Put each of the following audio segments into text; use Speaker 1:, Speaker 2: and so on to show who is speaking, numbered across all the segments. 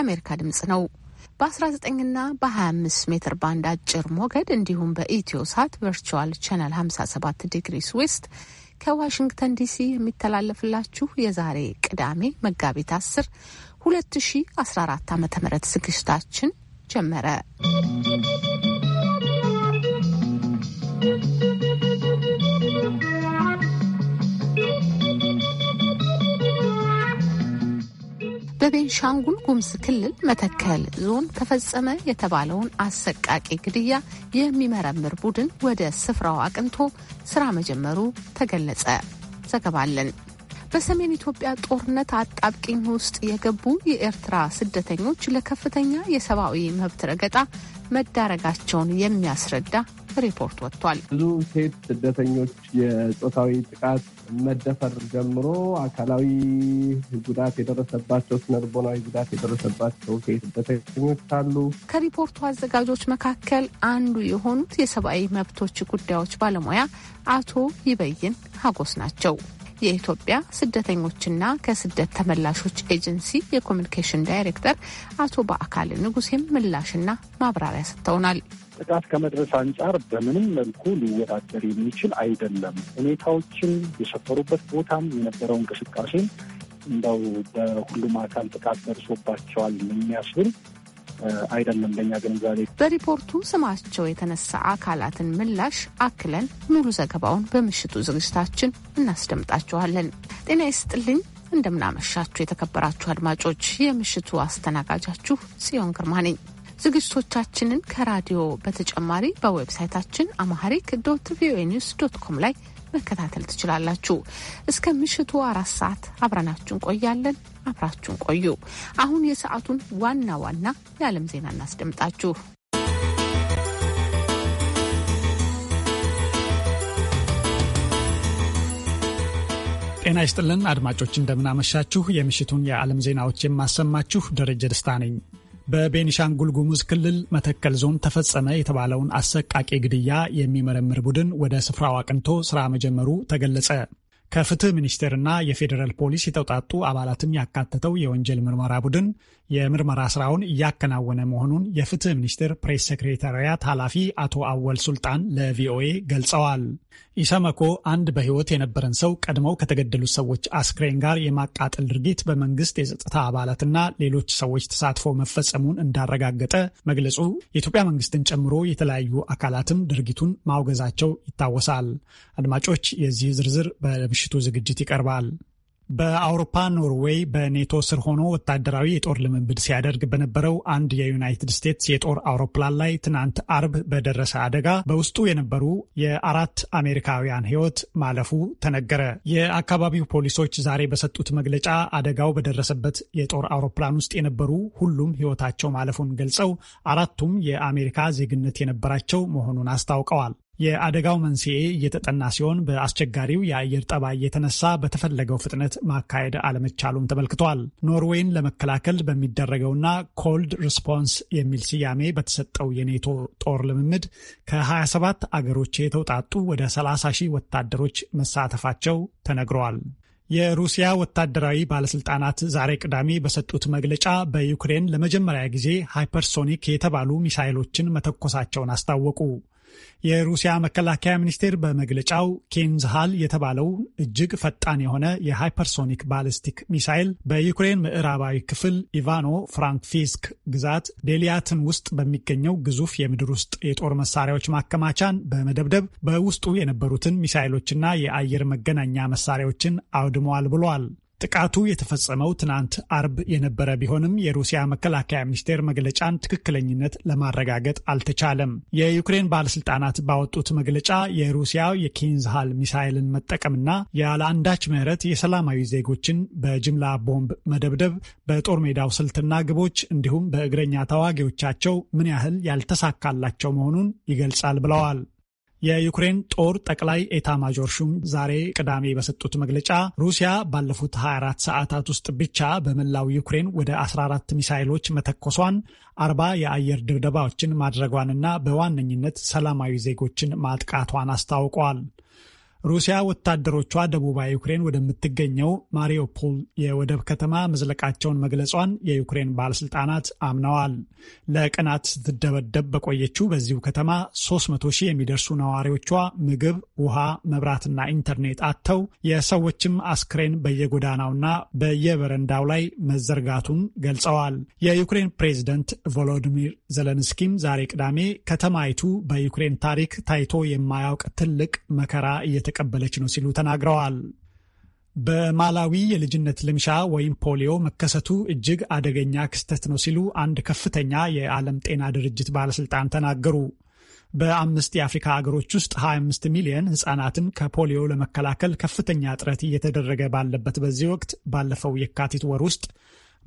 Speaker 1: የአሜሪካ ድምጽ ነው። በ19ና በ25 ሜትር ባንድ አጭር ሞገድ እንዲሁም በኢትዮ ሳት ቨርቹዋል ቻናል 57 ዲግሪስ ዌስት ከዋሽንግተን ዲሲ የሚተላለፍላችሁ የዛሬ ቅዳሜ መጋቢት 10 2014 ዓ ም ዝግጅታችን ጀመረ። በቤንሻንጉል ጉምዝ ክልል መተከል ዞን ተፈጸመ የተባለውን አሰቃቂ ግድያ የሚመረምር ቡድን ወደ ስፍራው አቅንቶ ስራ መጀመሩ ተገለጸ። ዘገባለን። በሰሜን ኢትዮጵያ ጦርነት አጣብቂኝ ውስጥ የገቡ የኤርትራ ስደተኞች ለከፍተኛ የሰብአዊ መብት ረገጣ መዳረጋቸውን የሚያስረዳ ሪፖርት ወጥቷል።
Speaker 2: ብዙ ሴት ስደተኞች የጾታዊ ጥቃት መደፈር ጀምሮ አካላዊ ጉዳት የደረሰባቸው፣ ስነልቦናዊ ጉዳት የደረሰባቸው ሴት ስደተኞች አሉ።
Speaker 1: ከሪፖርቱ አዘጋጆች መካከል አንዱ የሆኑት የሰብአዊ መብቶች ጉዳዮች ባለሙያ አቶ ይበይን ሀጎስ ናቸው። የኢትዮጵያ ስደተኞችና ከስደት ተመላሾች ኤጀንሲ የኮሚኒኬሽን ዳይሬክተር አቶ በአካል ንጉሴም ምላሽና ማብራሪያ ሰጥተውናል። ጥቃት
Speaker 3: ከመድረስ አንጻር በምንም መልኩ ሊወዳደር የሚችል አይደለም። ሁኔታዎችን፣ የሰፈሩበት ቦታም የነበረው እንቅስቃሴም እንደው በሁሉም አካል ጥቃት
Speaker 1: ደርሶባቸዋል የሚያስብል አይደለም። ለእኛ ግንዛቤ በሪፖርቱ ስማቸው የተነሳ አካላትን ምላሽ አክለን ሙሉ ዘገባውን በምሽቱ ዝግጅታችን እናስደምጣችኋለን። ጤና ይስጥልኝ። እንደምናመሻችሁ የተከበራችሁ አድማጮች፣ የምሽቱ አስተናጋጃችሁ ጽዮን ግርማ ነኝ። ዝግጅቶቻችንን ከራዲዮ በተጨማሪ በዌብሳይታችን አማሐሪክ ዶት ቪኦኤ ኒውስ ዶት ኮም ላይ መከታተል ትችላላችሁ። እስከ ምሽቱ አራት ሰዓት አብረናችሁን ቆያለን። አብራችሁን ቆዩ። አሁን የሰዓቱን ዋና ዋና የዓለም ዜና እናስደምጣችሁ።
Speaker 4: ጤና ይስጥልን አድማጮች፣ እንደምናመሻችሁ። የምሽቱን የዓለም ዜናዎች የማሰማችሁ ደረጀ ደስታ ነኝ። በቤኒሻንጉል ጉሙዝ ክልል መተከል ዞን ተፈጸመ የተባለውን አሰቃቂ ግድያ የሚመረምር ቡድን ወደ ስፍራው አቅንቶ ስራ መጀመሩ ተገለጸ። ከፍትህ ሚኒስቴርና የፌዴራል ፖሊስ የተውጣጡ አባላትን ያካተተው የወንጀል ምርመራ ቡድን የምርመራ ስራውን እያከናወነ መሆኑን የፍትህ ሚኒስቴር ፕሬስ ሴክሬታሪያት ኃላፊ አቶ አወል ሱልጣን ለቪኦኤ ገልጸዋል። ኢሰመኮ አንድ በህይወት የነበረን ሰው ቀድመው ከተገደሉት ሰዎች አስክሬን ጋር የማቃጠል ድርጊት በመንግስት የጸጥታ አባላትና ሌሎች ሰዎች ተሳትፎ መፈጸሙን እንዳረጋገጠ መግለጹ የኢትዮጵያ መንግስትን ጨምሮ የተለያዩ አካላትም ድርጊቱን ማውገዛቸው ይታወሳል። አድማጮች፣ የዚህ ዝርዝር በምሽቱ ዝግጅት ይቀርባል። በአውሮፓ ኖርዌይ በኔቶ ስር ሆኖ ወታደራዊ የጦር ልምምድ ሲያደርግ በነበረው አንድ የዩናይትድ ስቴትስ የጦር አውሮፕላን ላይ ትናንት አርብ በደረሰ አደጋ በውስጡ የነበሩ የአራት አሜሪካውያን ሕይወት ማለፉ ተነገረ። የአካባቢው ፖሊሶች ዛሬ በሰጡት መግለጫ አደጋው በደረሰበት የጦር አውሮፕላን ውስጥ የነበሩ ሁሉም ሕይወታቸው ማለፉን ገልጸው አራቱም የአሜሪካ ዜግነት የነበራቸው መሆኑን አስታውቀዋል። የአደጋው መንስኤ እየተጠና ሲሆን በአስቸጋሪው የአየር ጠባይ የተነሳ በተፈለገው ፍጥነት ማካሄድ አለመቻሉም ተመልክቷል። ኖርዌይን ለመከላከል በሚደረገውና ኮልድ ሪስፖንስ የሚል ስያሜ በተሰጠው የኔቶ ጦር ልምምድ ከ27 አገሮች የተውጣጡ ወደ 30 ሺህ ወታደሮች መሳተፋቸው ተነግረዋል። የሩሲያ ወታደራዊ ባለስልጣናት ዛሬ ቅዳሜ በሰጡት መግለጫ በዩክሬን ለመጀመሪያ ጊዜ ሃይፐርሶኒክ የተባሉ ሚሳይሎችን መተኮሳቸውን አስታወቁ። የሩሲያ መከላከያ ሚኒስቴር በመግለጫው ኬንዝሃል የተባለው እጅግ ፈጣን የሆነ የሃይፐርሶኒክ ባሊስቲክ ሚሳይል በዩክሬን ምዕራባዊ ክፍል ኢቫኖ ፍራንክፊስክ ግዛት ዴሊያትን ውስጥ በሚገኘው ግዙፍ የምድር ውስጥ የጦር መሳሪያዎች ማከማቻን በመደብደብ በውስጡ የነበሩትን ሚሳይሎችና የአየር መገናኛ መሳሪያዎችን አውድመዋል ብለዋል። ጥቃቱ የተፈጸመው ትናንት አርብ የነበረ ቢሆንም የሩሲያ መከላከያ ሚኒስቴር መግለጫን ትክክለኝነት ለማረጋገጥ አልተቻለም። የዩክሬን ባለስልጣናት ባወጡት መግለጫ የሩሲያ የኪንዝሃል ሚሳይልን መጠቀምና ያለ አንዳች ምሕረት የሰላማዊ ዜጎችን በጅምላ ቦምብ መደብደብ በጦር ሜዳው ስልትና ግቦች እንዲሁም በእግረኛ ተዋጊዎቻቸው ምን ያህል ያልተሳካላቸው መሆኑን ይገልጻል ብለዋል። የዩክሬን ጦር ጠቅላይ ኤታ ማጆር ሹም ዛሬ ቅዳሜ በሰጡት መግለጫ ሩሲያ ባለፉት 24 ሰዓታት ውስጥ ብቻ በመላው ዩክሬን ወደ 14 ሚሳይሎች መተኮሷን፣ አርባ የአየር ድብደባዎችን ማድረጓንና በዋነኝነት ሰላማዊ ዜጎችን ማጥቃቷን አስታውቋል። ሩሲያ ወታደሮቿ ደቡባዊ ዩክሬን ወደምትገኘው ማሪዮፖል የወደብ ከተማ መዝለቃቸውን መግለጿን የዩክሬን ባለስልጣናት አምነዋል። ለቀናት ስትደበደብ በቆየችው በዚሁ ከተማ 300 ሺህ የሚደርሱ ነዋሪዎቿ ምግብ፣ ውሃ፣ መብራትና ኢንተርኔት አጥተው የሰዎችም አስክሬን በየጎዳናውና በየበረንዳው ላይ መዘርጋቱን ገልጸዋል። የዩክሬን ፕሬዝደንት ቮሎዲሚር ዘለንስኪም ዛሬ ቅዳሜ ከተማይቱ በዩክሬን ታሪክ ታይቶ የማያውቅ ትልቅ መከራ እየተ እየተቀበለች ነው ሲሉ ተናግረዋል። በማላዊ የልጅነት ልምሻ ወይም ፖሊዮ መከሰቱ እጅግ አደገኛ ክስተት ነው ሲሉ አንድ ከፍተኛ የዓለም ጤና ድርጅት ባለሥልጣን ተናገሩ። በአምስት የአፍሪካ አገሮች ውስጥ 25 ሚሊዮን ሕፃናትን ከፖሊዮ ለመከላከል ከፍተኛ ጥረት እየተደረገ ባለበት በዚህ ወቅት ባለፈው የካቲት ወር ውስጥ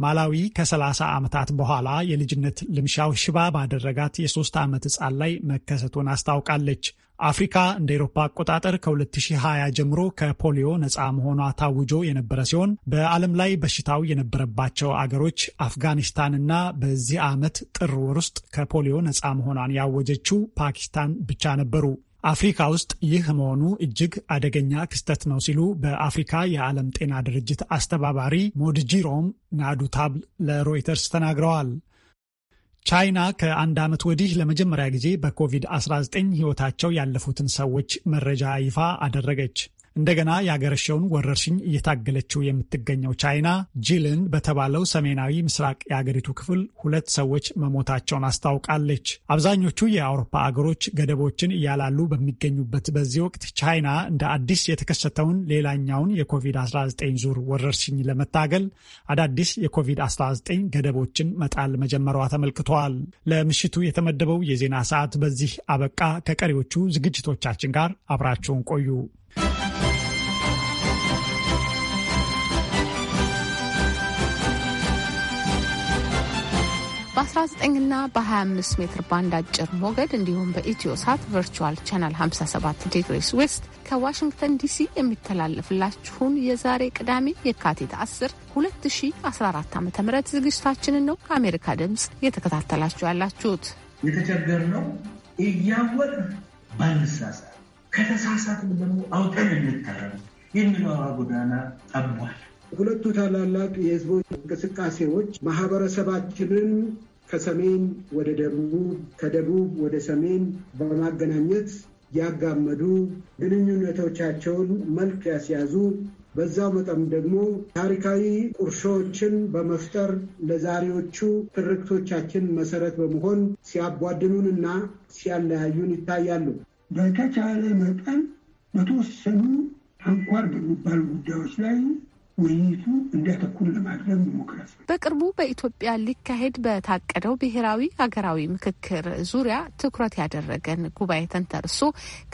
Speaker 4: ማላዊ ከ30 ዓመታት በኋላ የልጅነት ልምሻው ሽባ ባደረጋት የሶስት ዓመት ሕፃን ላይ መከሰቱን አስታውቃለች። አፍሪካ እንደ ኤሮፓ አቆጣጠር ከ2020 ጀምሮ ከፖሊዮ ነፃ መሆኗ ታውጆ የነበረ ሲሆን በዓለም ላይ በሽታው የነበረባቸው አገሮች አፍጋኒስታንና በዚህ ዓመት ጥር ወር ውስጥ ከፖሊዮ ነፃ መሆኗን ያወጀችው ፓኪስታን ብቻ ነበሩ። አፍሪካ ውስጥ ይህ መሆኑ እጅግ አደገኛ ክስተት ነው ሲሉ በአፍሪካ የዓለም ጤና ድርጅት አስተባባሪ ሞድጂሮም ናዱታብል ለሮይተርስ ተናግረዋል። ቻይና ከአንድ ዓመት ወዲህ ለመጀመሪያ ጊዜ በኮቪድ-19 ሕይወታቸው ያለፉትን ሰዎች መረጃ ይፋ አደረገች። እንደገና የአገረሸውን ወረርሽኝ እየታገለችው የምትገኘው ቻይና ጂልን በተባለው ሰሜናዊ ምስራቅ የአገሪቱ ክፍል ሁለት ሰዎች መሞታቸውን አስታውቃለች። አብዛኞቹ የአውሮፓ አገሮች ገደቦችን እያላሉ በሚገኙበት በዚህ ወቅት ቻይና እንደ አዲስ የተከሰተውን ሌላኛውን የኮቪድ-19 ዙር ወረርሽኝ ለመታገል አዳዲስ የኮቪድ-19 ገደቦችን መጣል መጀመሯ ተመልክተዋል። ለምሽቱ የተመደበው የዜና ሰዓት በዚህ አበቃ። ከቀሪዎቹ ዝግጅቶቻችን ጋር አብራችሁን ቆዩ።
Speaker 1: በ19 ና በ25 ሜትር ባንድ አጭር ሞገድ እንዲሁም በኢትዮ ሳት ቨርቹዋል ቻናል 57 ዲግሪስ ዌስት ከዋሽንግተን ዲሲ የሚተላለፍላችሁን የዛሬ ቅዳሜ የካቲት 10 2014 ዓ ም ዝግጅታችንን ነው ከአሜሪካ ድምፅ እየተከታተላችሁ ያላችሁት።
Speaker 5: የተቸገርነው እያወቅን ባንሳሳ ከተሳሳትን ደግሞ አውቀን እንታረም የሚለው ጎዳና ጠቧል።
Speaker 6: ሁለቱ ታላላቅ የህዝቦች እንቅስቃሴዎች ማህበረሰባችንን ከሰሜን ወደ ደቡብ፣ ከደቡብ ወደ ሰሜን በማገናኘት ያጋመዱ ግንኙነቶቻቸውን መልክ ያስያዙ በዛው መጠን ደግሞ ታሪካዊ ቁርሾዎችን በመፍጠር ለዛሬዎቹ ትርክቶቻችን መሰረት በመሆን ሲያቧድኑንና ሲያለያዩን ይታያሉ። በተቻለ መጠን በተወሰኑ አንኳር በሚባሉ
Speaker 7: ጉዳዮች ላይ ውይይቱ እንዲያተኩር ለማድረግ ይሞክራል።
Speaker 1: በቅርቡ በኢትዮጵያ ሊካሄድ በታቀደው ብሔራዊ ሀገራዊ ምክክር ዙሪያ ትኩረት ያደረገን ጉባኤ ተንተርሶ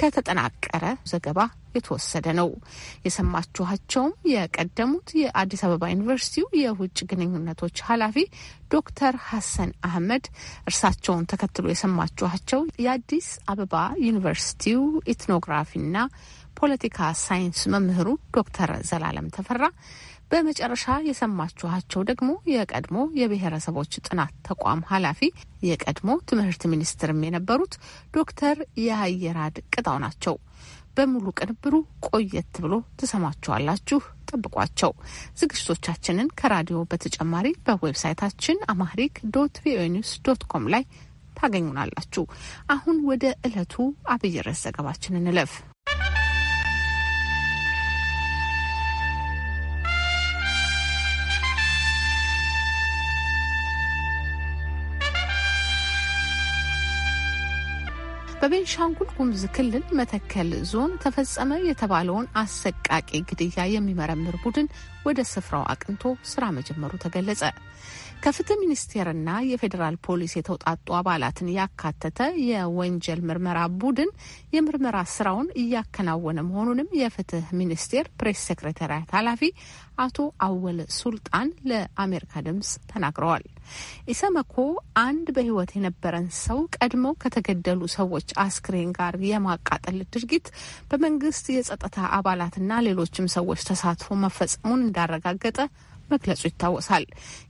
Speaker 1: ከተጠናቀረ ዘገባ የተወሰደ ነው። የሰማችኋቸውም የቀደሙት የአዲስ አበባ ዩኒቨርሲቲው የውጭ ግንኙነቶች ኃላፊ ዶክተር ሀሰን አህመድ፣ እርሳቸውን ተከትሎ የሰማችኋቸው የአዲስ አበባ ዩኒቨርሲቲው ኢትኖግራፊና ፖለቲካ ሳይንስ መምህሩ ዶክተር ዘላለም ተፈራ በመጨረሻ የሰማችኋቸው ደግሞ የቀድሞ የብሔረሰቦች ጥናት ተቋም ኃላፊ የቀድሞ ትምህርት ሚኒስትርም የነበሩት ዶክተር የአየራድ ቅጣው ናቸው። በሙሉ ቅንብሩ ቆየት ብሎ ትሰማችኋላችሁ። ጠብቋቸው። ዝግጅቶቻችንን ከራዲዮ በተጨማሪ በዌብሳይታችን አማሪክ ዶት ቪኦኤ ኒውስ ዶት ኮም ላይ ታገኙናላችሁ። አሁን ወደ ዕለቱ አብይ ርዕስ ዘገባችንን እንለፍ። በቤንሻንጉል ጉሙዝ ክልል መተከል ዞን ተፈጸመ የተባለውን አሰቃቂ ግድያ የሚመረምር ቡድን ወደ ስፍራው አቅንቶ ስራ መጀመሩ ተገለጸ። ከፍትህ ሚኒስቴርና የፌዴራል ፖሊስ የተውጣጡ አባላትን ያካተተ የወንጀል ምርመራ ቡድን የምርመራ ስራውን እያከናወነ መሆኑንም የፍትህ ሚኒስቴር ፕሬስ ሴክሬታሪያት ኃላፊ አቶ አወል ሱልጣን ለአሜሪካ ድምጽ ተናግረዋል። ኢሰመኮ አንድ በህይወት የነበረን ሰው ቀድመው ከተገደሉ ሰዎች አስክሬን ጋር የማቃጠል ድርጊት በመንግስት የጸጥታ አባላትና ሌሎችም ሰዎች ተሳትፎ መፈጸሙን እንዳረጋገጠ መግለጹ ይታወሳል።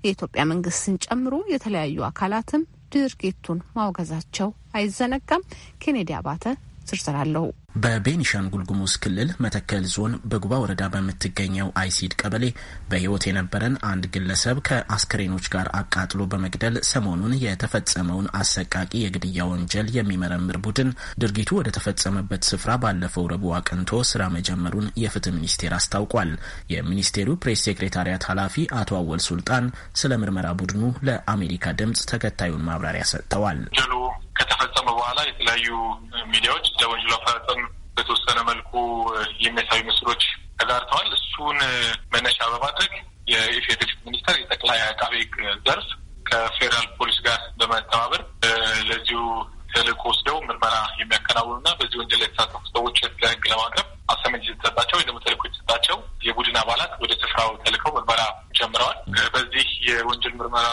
Speaker 1: የኢትዮጵያ መንግስትን ጨምሮ የተለያዩ አካላትም ድርጊቱን ማውገዛቸው አይዘነጋም። ኬኔዲ አባተ ዝርዝር አለው።
Speaker 8: በቤኒሻንጉል ጉሙዝ ክልል መተከል ዞን በጉባ ወረዳ በምትገኘው አይሲድ ቀበሌ በሕይወት የነበረን አንድ ግለሰብ ከአስክሬኖች ጋር አቃጥሎ በመግደል ሰሞኑን የተፈጸመውን አሰቃቂ የግድያ ወንጀል የሚመረምር ቡድን ድርጊቱ ወደ ተፈጸመበት ስፍራ ባለፈው ረቡዕ አቅንቶ ስራ መጀመሩን የፍትህ ሚኒስቴር አስታውቋል። የሚኒስቴሩ ፕሬስ ሴክሬታሪያት ኃላፊ አቶ አወል ሱልጣን ስለ ምርመራ ቡድኑ ለአሜሪካ ድምጽ ተከታዩን ማብራሪያ ሰጥተዋል።
Speaker 9: ከተፈጸመ በኋላ የተለያዩ ሚዲያዎች ለወንጀሉ አፈጻጸም በተወሰነ መልኩ የሚያሳዩ ምስሎች ተጋርተዋል። እሱን መነሻ በማድረግ የኢፌዴሪ ሚኒስቴር የጠቅላይ አቃቤ ሕግ ዘርፍ ከፌዴራል ፖሊስ ጋር በመተባበር ለዚሁ ተልእኮ ወስደው ምርመራ የሚያከናውኑና በዚህ ወንጀል የተሳተፉ ሰዎች ለሕግ ለማቅረብ አሰመጅ የተሰጣቸው ወይም ደግሞ ተልእኮ የተሰጣቸው የቡድን አባላት ወደ ስፍራው ተልከው ምርመራ ጀምረዋል። በዚህ የወንጀል ምርመራ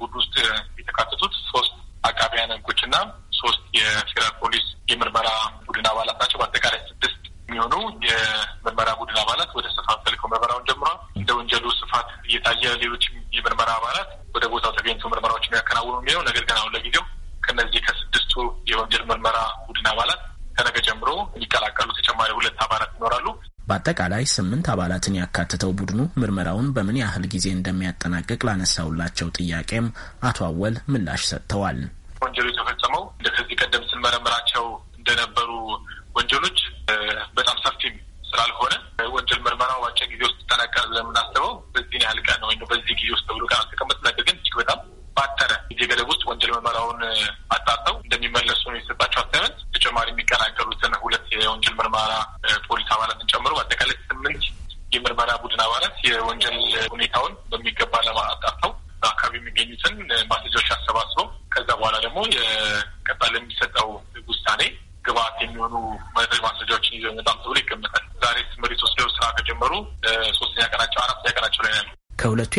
Speaker 9: ቡድን ውስጥ የተካተቱት ሶስት አቃቢያን ሕጎችና ሶስት የፌዴራል ፖሊስ የምርመራ ቡድን አባላት ናቸው። በአጠቃላይ ስድስት የሚሆኑ የምርመራ ቡድን አባላት ወደ ስፋት ተልከው ምርመራውን ጀምሯል። እንደ ወንጀሉ ስፋት እየታየ ሌሎች የምርመራ አባላት ወደ ቦታው
Speaker 8: ተገኝቶ ምርመራዎች የሚያከናውኑ የሚለው ነገር ግን አሁን ለጊዜው ከነዚህ ከስድስቱ የወንጀል ምርመራ በአጠቃላይ ስምንት አባላትን ያካትተው ቡድኑ ምርመራውን በምን ያህል ጊዜ እንደሚያጠናቅቅ ላነሳውላቸው ጥያቄም አቶ አወል ምላሽ ሰጥተዋል። ወንጀሉ የተፈጸመው
Speaker 9: እንደከዚህ ቀደም ስንመረምራቸው እንደነበሩ ወንጀሎች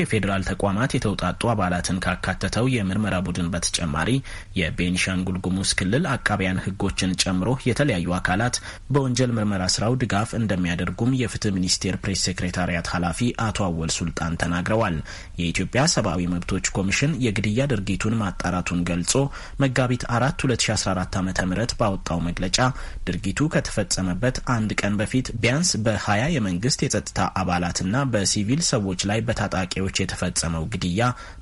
Speaker 8: የፌዴራል ተቋማት የተውጣጡ አባላትን ካካተተው የምርመራ ቡድን በተጨማሪ የቤኒሻንጉል ጉሙዝ ክልል አቃቢያን ሕጎችን ጨምሮ የተለያዩ አካላት በወንጀል ምርመራ ስራው ድጋፍ እንደሚያደርጉም የፍትህ ሚኒስቴር ፕሬስ ሴክሬታሪያት ኃላፊ አቶ አወል ሱልጣን ተናግረዋል። የኢትዮጵያ ሰብአዊ መብቶች ኮሚሽን የግድያ ድርጊቱን ማጣራቱን ገልጾ መጋቢት አራት 2014 ዓ ም ባወጣው መግለጫ ድርጊቱ ከተፈጸመበት አንድ ቀን በፊት ቢያንስ በ20 የመንግስት የጸጥታ አባላትና በሲቪል ሰዎች ላይ በታጣቂዎች የተፈጸመው ግድያ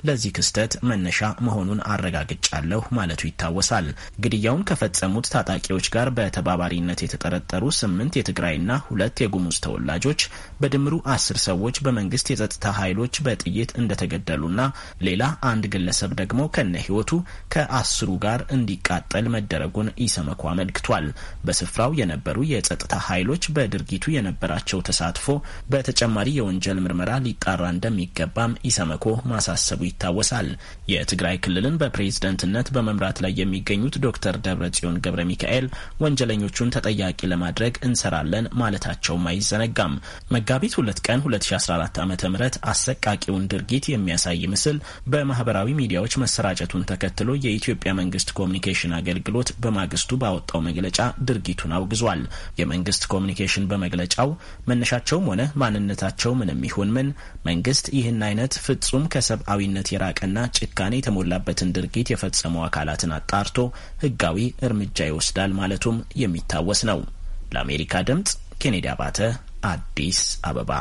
Speaker 8: ለዚህ ክስተት መነሻ መሆኑን አረጋግጫለሁ ማለቱ ይታወሳል። ግድያውን ከፈጸሙት ታጣቂዎች ጋር በተባባሪነት የተጠረ የተጠረጠሩ ስምንት የትግራይና ሁለት የጉሙዝ ተወላጆች በድምሩ አስር ሰዎች በመንግስት የጸጥታ ኃይሎች በጥይት እንደተገደሉና ሌላ አንድ ግለሰብ ደግሞ ከነ ህይወቱ ከአስሩ ጋር እንዲቃጠል መደረጉን ኢሰመኮ አመልክቷል። በስፍራው የነበሩ የጸጥታ ኃይሎች በድርጊቱ የነበራቸው ተሳትፎ በተጨማሪ የወንጀል ምርመራ ሊጣራ እንደሚገባም ኢሰመኮ ማሳሰቡ ይታወሳል። የትግራይ ክልልን በፕሬዝደንትነት በመምራት ላይ የሚገኙት ዶክተር ደብረ ጽዮን ገብረ ሚካኤል ወንጀለኞቹን ተጠያቂ ለማድረግ እንሰራለን ማለታቸውም አይዘነጋም። መጋቢት ሁለት ቀን 2014 ዓ ም አሰቃቂውን ድርጊት የሚያሳይ ምስል በማህበራዊ ሚዲያዎች መሰራጨቱን ተከትሎ የኢትዮጵያ መንግስት ኮሚኒኬሽን አገልግሎት በማግስቱ ባወጣው መግለጫ ድርጊቱን አውግዟል። የመንግስት ኮሚኒኬሽን በመግለጫው መነሻቸውም ሆነ ማንነታቸው ምንም ይሁን ምን መንግስት ይህን አይነት ፍጹም ከሰብአዊነት የራቀና ጭካኔ የተሞላበትን ድርጊት የፈጸሙ አካላትን አጣርቶ ህጋዊ እርምጃ ይወስዳል ማለቱም የሚታወስ ነው። ለአሜሪካ ድምጽ ኬኔዲ አባተ አዲስ አበባ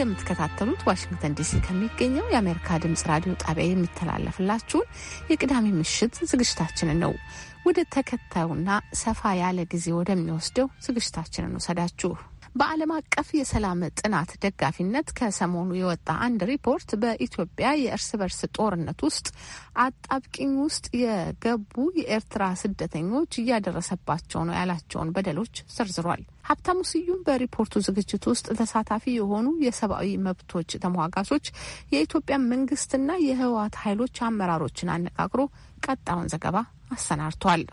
Speaker 1: የምትከታተሉት ዋሽንግተን ዲሲ ከሚገኘው የአሜሪካ ድምጽ ራዲዮ ጣቢያ የሚተላለፍላችሁን የቅዳሜ ምሽት ዝግጅታችንን ነው። ወደ ተከታዩና ሰፋ ያለ ጊዜ ወደሚወስደው ዝግጅታችንን ውሰዳችሁ። በዓለም አቀፍ የሰላም ጥናት ደጋፊነት ከሰሞኑ የወጣ አንድ ሪፖርት በኢትዮጵያ የእርስ በርስ ጦርነት ውስጥ አጣብቂኝ ውስጥ የገቡ የኤርትራ ስደተኞች እያደረሰባቸው ነው ያላቸውን በደሎች ዘርዝሯል። ሀብታሙ ስዩም በሪፖርቱ ዝግጅት ውስጥ ተሳታፊ የሆኑ የሰብአዊ መብቶች ተሟጋቾች የኢትዮጵያ መንግስትና የህወሓት ኃይሎች አመራሮችን አነጋግሮ ቀጣዩን ዘገባ አሰናድቷል።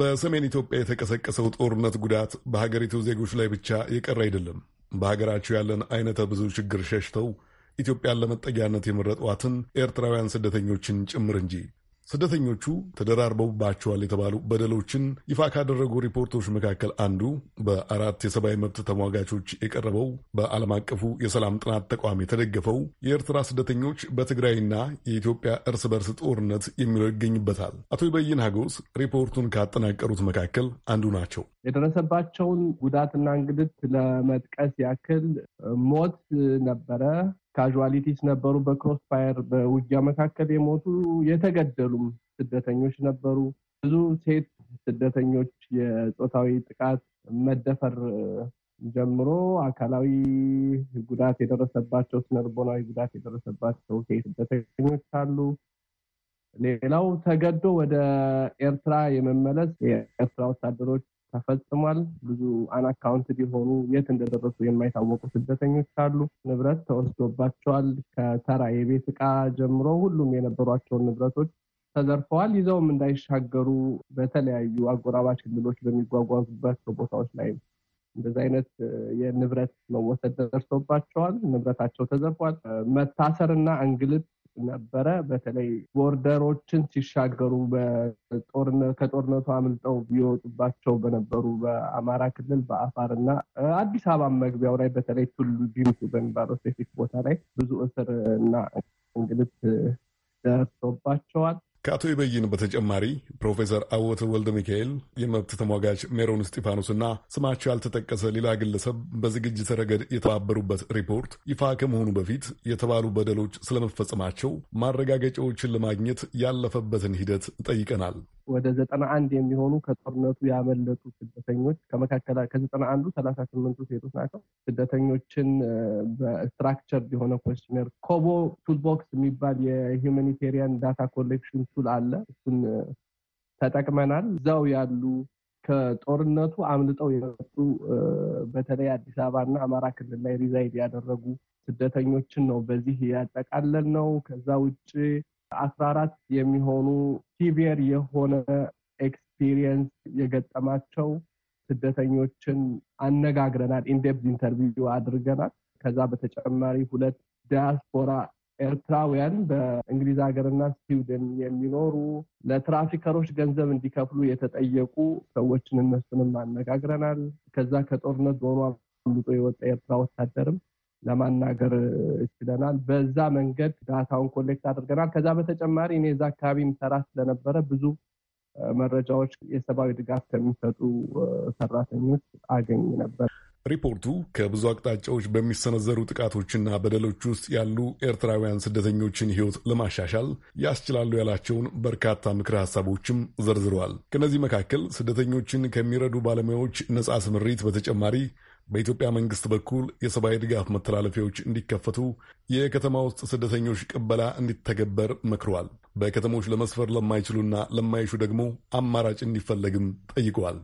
Speaker 10: በሰሜን ኢትዮጵያ የተቀሰቀሰው ጦርነት ጉዳት በሀገሪቱ ዜጎች ላይ ብቻ የቀረ አይደለም። በሀገራቸው ያለን አይነተ ብዙ ችግር ሸሽተው ኢትዮጵያን ለመጠጊያነት የመረጧትን ኤርትራውያን ስደተኞችን ጭምር እንጂ ስደተኞቹ ተደራርበውባቸዋል የተባሉ በደሎችን ይፋ ካደረጉ ሪፖርቶች መካከል አንዱ በአራት የሰብአዊ መብት ተሟጋቾች የቀረበው በዓለም አቀፉ የሰላም ጥናት ተቋም የተደገፈው የኤርትራ ስደተኞች በትግራይና የኢትዮጵያ እርስ በርስ ጦርነት የሚለው ይገኝበታል። አቶ ይበይን ሀጎስ ሪፖርቱን ካጠናቀሩት መካከል አንዱ ናቸው።
Speaker 2: የደረሰባቸውን ጉዳትና እንግልት ለመጥቀስ ያክል ሞት ነበረ፣ ካዥዋሊቲስ ነበሩ። በክሮስ ፋየር በውጊያ መካከል የሞቱ የተገደሉም ስደተኞች ነበሩ። ብዙ ሴት ስደተኞች የጾታዊ ጥቃት፣ መደፈር ጀምሮ አካላዊ ጉዳት የደረሰባቸው፣ ስነልቦናዊ ጉዳት የደረሰባቸው ሴት ስደተኞች አሉ። ሌላው ተገዶ ወደ ኤርትራ የመመለስ የኤርትራ ወታደሮች ተፈጽሟል። ብዙ አናካውንት የሆኑ የት እንደደረሱ የማይታወቁ ስደተኞች አሉ። ንብረት ተወስዶባቸዋል። ከተራ የቤት ዕቃ ጀምሮ ሁሉም የነበሯቸውን ንብረቶች ተዘርፈዋል። ይዘውም እንዳይሻገሩ በተለያዩ አጎራባች ክልሎች በሚጓጓዙበት ቦታዎች ላይ እንደዚህ አይነት የንብረት መወሰድ ደርሶባቸዋል። ንብረታቸው ተዘርፏል። መታሰርና እንግልት ነበረ። በተለይ ቦርደሮችን ሲሻገሩ ከጦርነቱ አምልጠው ቢወጡባቸው በነበሩ በአማራ ክልል በአፋር እና አዲስ አበባ መግቢያው ላይ በተለይ ቱሉ ዲምቱ በሚባለው ሴፊክ ቦታ ላይ ብዙ እስር እና እንግልት ደርሶባቸዋል።
Speaker 10: ከአቶ የበይን በተጨማሪ ፕሮፌሰር አወተ ወልደ ሚካኤል፣ የመብት ተሟጋች ሜሮን እስጢፋኖስና ስማቸው ያልተጠቀሰ ሌላ ግለሰብ በዝግጅት ረገድ የተባበሩበት ሪፖርት ይፋ ከመሆኑ በፊት የተባሉ በደሎች ስለመፈጸማቸው ማረጋገጫዎችን ለማግኘት ያለፈበትን ሂደት ጠይቀናል።
Speaker 2: ወደ ዘጠና አንድ የሚሆኑ ከጦርነቱ ያመለጡ ስደተኞች ከመካከላ ከዘጠና አንዱ ሰላሳ ስምንቱ ሴቶች ናቸው። ስደተኞችን በስትራክቸር የሆነ ኮስቲነር ኮቦ ቱልቦክስ የሚባል የሂዩማኒቴሪያን ዳታ ኮሌክሽን ቱል አለ። እሱን ተጠቅመናል። እዛው ያሉ ከጦርነቱ አምልጠው የመጡ በተለይ አዲስ እና አማራ ክልል ላይ ሪዛይድ ያደረጉ ስደተኞችን ነው በዚህ ያጠቃለል ነው። ከዛ ውጭ አስራ አራት የሚሆኑ ሲቪየር የሆነ ኤክስፒሪየንስ የገጠማቸው ስደተኞችን አነጋግረናል። ኢንዴፕዝ ኢንተርቪው አድርገናል። ከዛ በተጨማሪ ሁለት ዲያስፖራ ኤርትራውያን በእንግሊዝ ሀገርና ስዊድን የሚኖሩ ለትራፊከሮች ገንዘብ እንዲከፍሉ የተጠየቁ ሰዎችን እነሱንም አነጋግረናል። ከዛ ከጦርነት ዞኑ አምልጦ የወጣ ኤርትራ ወታደርም ለማናገር ችለናል። በዛ መንገድ ዳታውን ኮሌክት አድርገናል። ከዛ በተጨማሪ እኔ እዛ አካባቢ ምሰራ ስለነበረ ብዙ መረጃዎች የሰብአዊ ድጋፍ ከሚሰጡ ሰራተኞች አገኝ
Speaker 3: ነበር።
Speaker 10: ሪፖርቱ ከብዙ አቅጣጫዎች በሚሰነዘሩ ጥቃቶችና በደሎች ውስጥ ያሉ ኤርትራውያን ስደተኞችን ሕይወት ለማሻሻል ያስችላሉ ያላቸውን በርካታ ምክረ ሀሳቦችም ዘርዝረዋል። ከእነዚህ መካከል ስደተኞችን ከሚረዱ ባለሙያዎች ነጻ ስምሪት በተጨማሪ በኢትዮጵያ መንግስት በኩል የሰብአዊ ድጋፍ መተላለፊያዎች እንዲከፈቱ፣ የከተማ ውስጥ ስደተኞች ቅበላ እንዲተገበር መክረዋል። በከተሞች ለመስፈር ለማይችሉና ለማይሹ ደግሞ አማራጭ እንዲፈለግም ጠይቀዋል።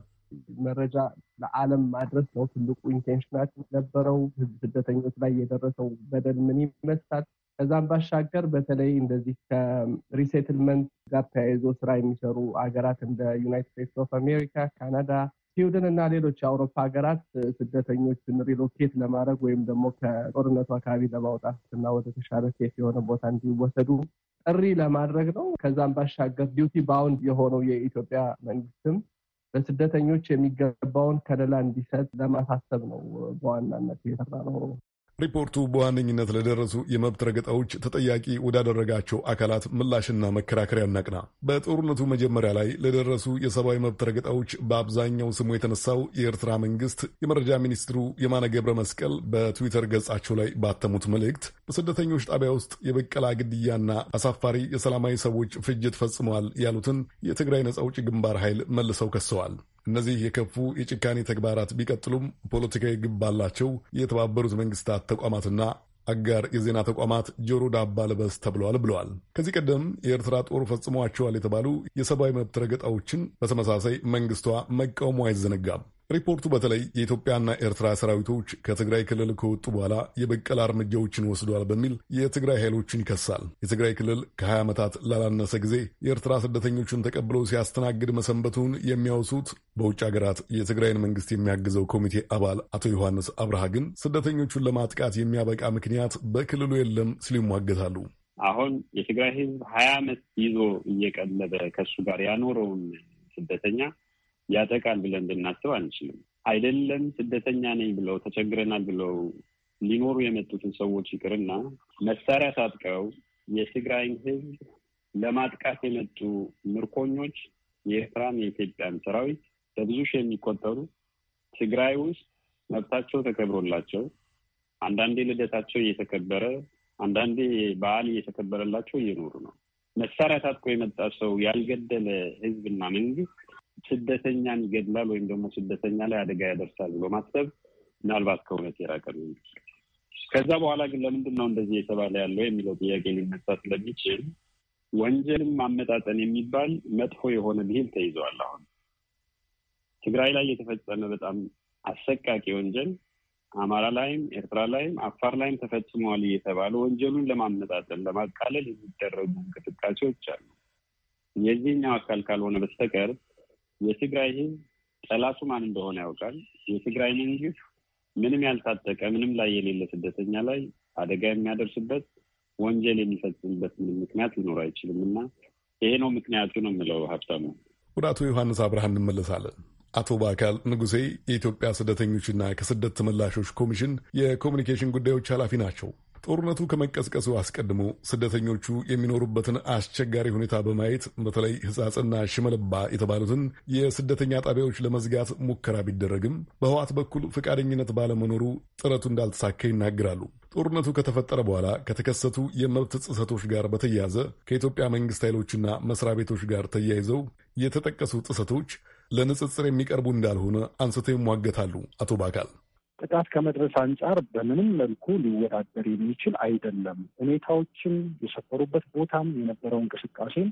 Speaker 2: መረጃ ለዓለም ማድረስ ነው ትልቁ ኢንቴንሽናችን ነበረው። ህዝብ ስደተኞች ላይ የደረሰው በደል ምን ይመስላል? ከዛም ባሻገር በተለይ እንደዚህ ከሪሴትልመንት ጋር ተያይዞ ስራ የሚሰሩ ሀገራት እንደ ዩናይትድ ስቴትስ ኦፍ አሜሪካ፣ ካናዳ ስዊድን እና ሌሎች የአውሮፓ ሀገራት ስደተኞችን ሪሎኬት ለማድረግ ወይም ደግሞ ከጦርነቱ አካባቢ ለማውጣት እና ወደ ተሻለ ሴፍ የሆነ ቦታ እንዲወሰዱ ጥሪ ለማድረግ ነው። ከዛም ባሻገር ዲዩቲ ባውንድ የሆነው የኢትዮጵያ መንግስትም ለስደተኞች የሚገባውን ከለላ እንዲሰጥ ለማሳሰብ ነው በዋናነት የሰራ ነው።
Speaker 10: ሪፖርቱ በዋነኝነት ለደረሱ የመብት ረገጣዎች ተጠያቂ ወዳደረጋቸው አካላት ምላሽና መከራከሪያ ያናቅና። በጦርነቱ መጀመሪያ ላይ ለደረሱ የሰብአዊ መብት ረገጣዎች በአብዛኛው ስሙ የተነሳው የኤርትራ መንግስት የመረጃ ሚኒስትሩ የማነ ገብረ መስቀል በትዊተር ገጻቸው ላይ ባተሙት መልእክት በስደተኞች ጣቢያ ውስጥ የበቀላ ግድያና አሳፋሪ የሰላማዊ ሰዎች ፍጅት ፈጽመዋል ያሉትን የትግራይ ነጻ አውጪ ግንባር ኃይል መልሰው ከሰዋል። እነዚህ የከፉ የጭካኔ ተግባራት ቢቀጥሉም ፖለቲካዊ ግብ ባላቸው የተባበሩት መንግስታት ተቋማትና አጋር የዜና ተቋማት ጆሮ ዳባ ልበስ ተብለዋል ብለዋል። ከዚህ ቀደም የኤርትራ ጦር ፈጽሟቸዋል የተባሉ የሰብአዊ መብት ረገጣዎችን በተመሳሳይ መንግስቷ መቃወሙ አይዘነጋም። ሪፖርቱ በተለይ የኢትዮጵያና ኤርትራ ሰራዊቶች ከትግራይ ክልል ከወጡ በኋላ የበቀል እርምጃዎችን ወስዷል በሚል የትግራይ ኃይሎችን ይከሳል። የትግራይ ክልል ከ20 ዓመታት ላላነሰ ጊዜ የኤርትራ ስደተኞችን ተቀብሎ ሲያስተናግድ መሰንበቱን የሚያወሱት በውጭ ሀገራት የትግራይን መንግስት የሚያግዘው ኮሚቴ አባል አቶ ዮሐንስ አብርሃ ግን ስደተኞቹን ለማጥቃት የሚያበቃ ምክንያት በክልሉ የለም ሲሉ ይሟገታሉ።
Speaker 11: አሁን የትግራይ ህዝብ ሀያ ዓመት ይዞ እየቀለበ ከሱ ጋር ያኖረውን ስደተኛ ያጠቃል ብለን ልናስብ አንችልም። አይደለም ስደተኛ ነኝ ብለው ተቸግረናል ብለው ሊኖሩ የመጡትን ሰዎች ይቅርና መሳሪያ ታጥቀው የትግራይን ሕዝብ ለማጥቃት የመጡ ምርኮኞች የኤርትራን የኢትዮጵያን ሰራዊት በብዙ ሺህ የሚቆጠሩ ትግራይ ውስጥ መብታቸው ተከብሮላቸው አንዳንዴ ልደታቸው እየተከበረ አንዳንዴ በዓል እየተከበረላቸው እየኖሩ ነው። መሳሪያ ታጥቆ የመጣ ሰው ያልገደለ ህዝብና መንግስት ስደተኛን ይገድላል ወይም ደግሞ ስደተኛ ላይ አደጋ ያደርሳል ብሎ ማሰብ ምናልባት ከእውነት የራቀ ነው። ከዛ በኋላ ግን ለምንድን ነው እንደዚህ የተባለ ያለው የሚለው ጥያቄ ሊነሳ ስለሚችል ወንጀልም ማመጣጠን የሚባል መጥፎ የሆነ ብሂል ተይዘዋል። አሁን ትግራይ ላይ የተፈጸመ በጣም አሰቃቂ ወንጀል አማራ ላይም ኤርትራ ላይም አፋር ላይም ተፈጽመዋል እየተባለ ወንጀሉን ለማመጣጠን ለማቃለል የሚደረጉ እንቅስቃሴዎች አሉ። የዚህኛው አካል ካልሆነ በስተቀር የትግራይ ህዝብ ጠላቱ ማን እንደሆነ ያውቃል። የትግራይ መንግስት ምንም ያልታጠቀ ምንም ላይ የሌለ ስደተኛ ላይ አደጋ የሚያደርስበት ወንጀል የሚፈጽምበት ምንም ምክንያት ሊኖር አይችልም እና ይሄ ነው ምክንያቱ ነው የምለው።
Speaker 10: ሀብታሙ ወደ አቶ ዮሐንስ አብርሃን እንመለሳለን። አቶ በአካል ንጉሴ የኢትዮጵያ ስደተኞችና ከስደት ተመላሾች ኮሚሽን የኮሚኒኬሽን ጉዳዮች ኃላፊ ናቸው። ጦርነቱ ከመቀስቀሱ አስቀድሞ ስደተኞቹ የሚኖሩበትን አስቸጋሪ ሁኔታ በማየት በተለይ ሕጻጽና ሽመልባ የተባሉትን የስደተኛ ጣቢያዎች ለመዝጋት ሙከራ ቢደረግም በህዋት በኩል ፈቃደኝነት ባለመኖሩ ጥረቱ እንዳልተሳካ ይናገራሉ። ጦርነቱ ከተፈጠረ በኋላ ከተከሰቱ የመብት ጥሰቶች ጋር በተያያዘ ከኢትዮጵያ መንግስት ኃይሎችና መስሪያ ቤቶች ጋር ተያይዘው የተጠቀሱ ጥሰቶች ለንጽጽር የሚቀርቡ እንዳልሆነ አንስተው ይሟገታሉ። አቶ ባካል
Speaker 3: ጥቃት ከመድረስ አንጻር በምንም መልኩ ሊወዳደር የሚችል አይደለም። ሁኔታዎችም፣ የሰፈሩበት ቦታም፣ የነበረው እንቅስቃሴም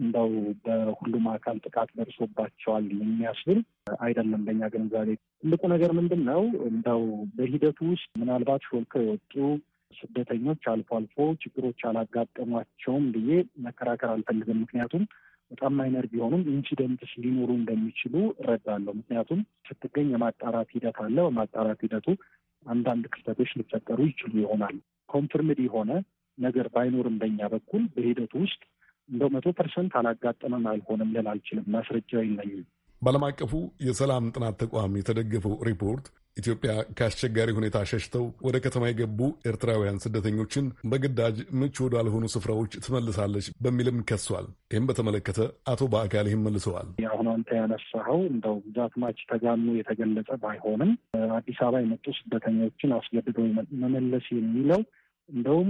Speaker 3: እንደው በሁሉም አካል ጥቃት ደርሶባቸዋል የሚያስብል አይደለም። በእኛ ግንዛቤ ትልቁ ነገር ምንድን ነው? እንደው በሂደቱ ውስጥ ምናልባት ሾልከው የወጡ ስደተኞች አልፎ አልፎ ችግሮች አላጋጠሟቸውም ብዬ መከራከር አልፈልግም። ምክንያቱም በጣም ማይነር ቢሆኑም ኢንሲደንትስ ሊኖሩ እንደሚችሉ እረዳለሁ። ምክንያቱም ስትገኝ የማጣራት ሂደት አለ። በማጣራት ሂደቱ አንዳንድ ክስተቶች ሊፈጠሩ ይችሉ ይሆናል። ኮንፍርምድ የሆነ ነገር ባይኖርም በኛ በኩል በሂደቱ ውስጥ እንደ መቶ ፐርሰንት አላጋጠመም አልሆነም ልል አልችልም። ማስረጃ የለኝም።
Speaker 10: በዓለም አቀፉ የሰላም ጥናት ተቋም የተደገፈው ሪፖርት ኢትዮጵያ ከአስቸጋሪ ሁኔታ ሸሽተው ወደ ከተማ የገቡ ኤርትራውያን ስደተኞችን በግዳጅ ምቹ ወዳልሆኑ ስፍራዎች ትመልሳለች በሚልም ከሷል። ይህም በተመለከተ አቶ በአካል ይህም መልሰዋል።
Speaker 3: አሁን አንተ ያነሳኸው እንደው ብዛት ማች ተጋኑ የተገለጸ ባይሆንም አዲስ አበባ የመጡ ስደተኞችን አስገድዶ መመለስ የሚለው እንደውም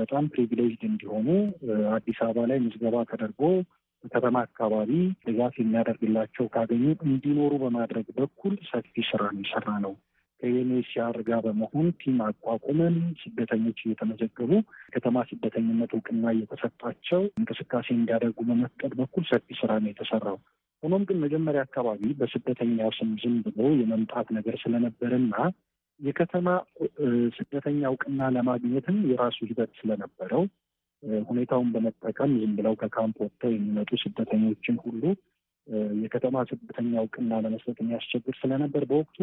Speaker 3: በጣም ፕሪቪሌጅድ እንዲሆኑ አዲስ አበባ ላይ ምዝገባ ተደርጎ ከተማ አካባቢ ድጋፍ የሚያደርግላቸው ካገኙ እንዲኖሩ በማድረግ በኩል ሰፊ ስራ የሚሰራ ነው። ከዩኤንኤችሲአር ጋር በመሆን ቲም አቋቁመን ስደተኞች እየተመዘገቡ ከተማ ስደተኝነት እውቅና እየተሰጣቸው እንቅስቃሴ እንዲያደርጉ በመፍቀድ በኩል ሰፊ ስራ ነው የተሰራው። ሆኖም ግን መጀመሪያ አካባቢ በስደተኛ ስም ዝም ብሎ የመምጣት ነገር ስለነበረና የከተማ ስደተኛ እውቅና ለማግኘትም የራሱ ሂደት ስለነበረው ሁኔታውን በመጠቀም ዝም ብለው ከካምፕ ወጥተው የሚመጡ ስደተኞችን ሁሉ የከተማ ስደተኛ እውቅና ለመስጠት የሚያስቸግር ስለነበር በወቅቱ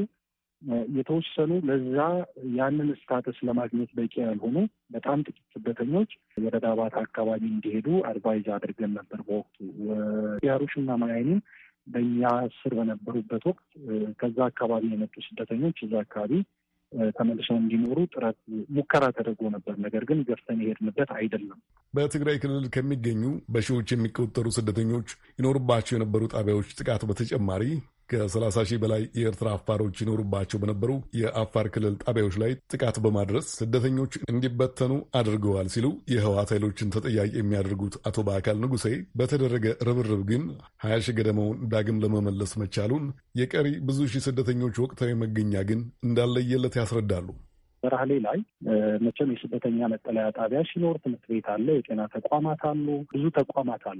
Speaker 3: የተወሰኑ ለዛ ያንን ስታተስ ለማግኘት በቂ ያልሆኑ በጣም ጥቂት ስደተኞች ወደ ዳባት አካባቢ እንዲሄዱ አድቫይዝ አድርገን ነበር። በወቅቱ ያሩሽ ያሩሽና ማያይንም በእኛ ስር በነበሩበት ወቅት ከዛ አካባቢ የመጡ ስደተኞች እዛ አካባቢ ተመልሰው እንዲኖሩ ጥረት ሙከራ ተደርጎ ነበር። ነገር ግን ገፍተን የሄድንበት አይደለም።
Speaker 10: በትግራይ ክልል ከሚገኙ በሺዎች የሚቆጠሩ ስደተኞች ይኖሩባቸው የነበሩ ጣቢያዎች ጥቃት በተጨማሪ ከ30 ሺህ በላይ የኤርትራ አፋሮች ይኖሩባቸው በነበሩ የአፋር ክልል ጣቢያዎች ላይ ጥቃት በማድረስ ስደተኞች እንዲበተኑ አድርገዋል ሲሉ የህወሓት ኃይሎችን ተጠያቂ የሚያደርጉት አቶ በአካል ንጉሴ በተደረገ ርብርብ ግን ሀያ ሺህ ገደማውን ዳግም ለመመለስ መቻሉን፣ የቀሪ ብዙ ሺህ ስደተኞች ወቅታዊ መገኛ ግን እንዳለየለት ያስረዳሉ።
Speaker 3: በራህሌ ላይ መቼም የስደተኛ መጠለያ ጣቢያ ሲኖር ትምህርት ቤት አለ፣ የጤና ተቋማት አሉ፣ ብዙ ተቋማት አሉ።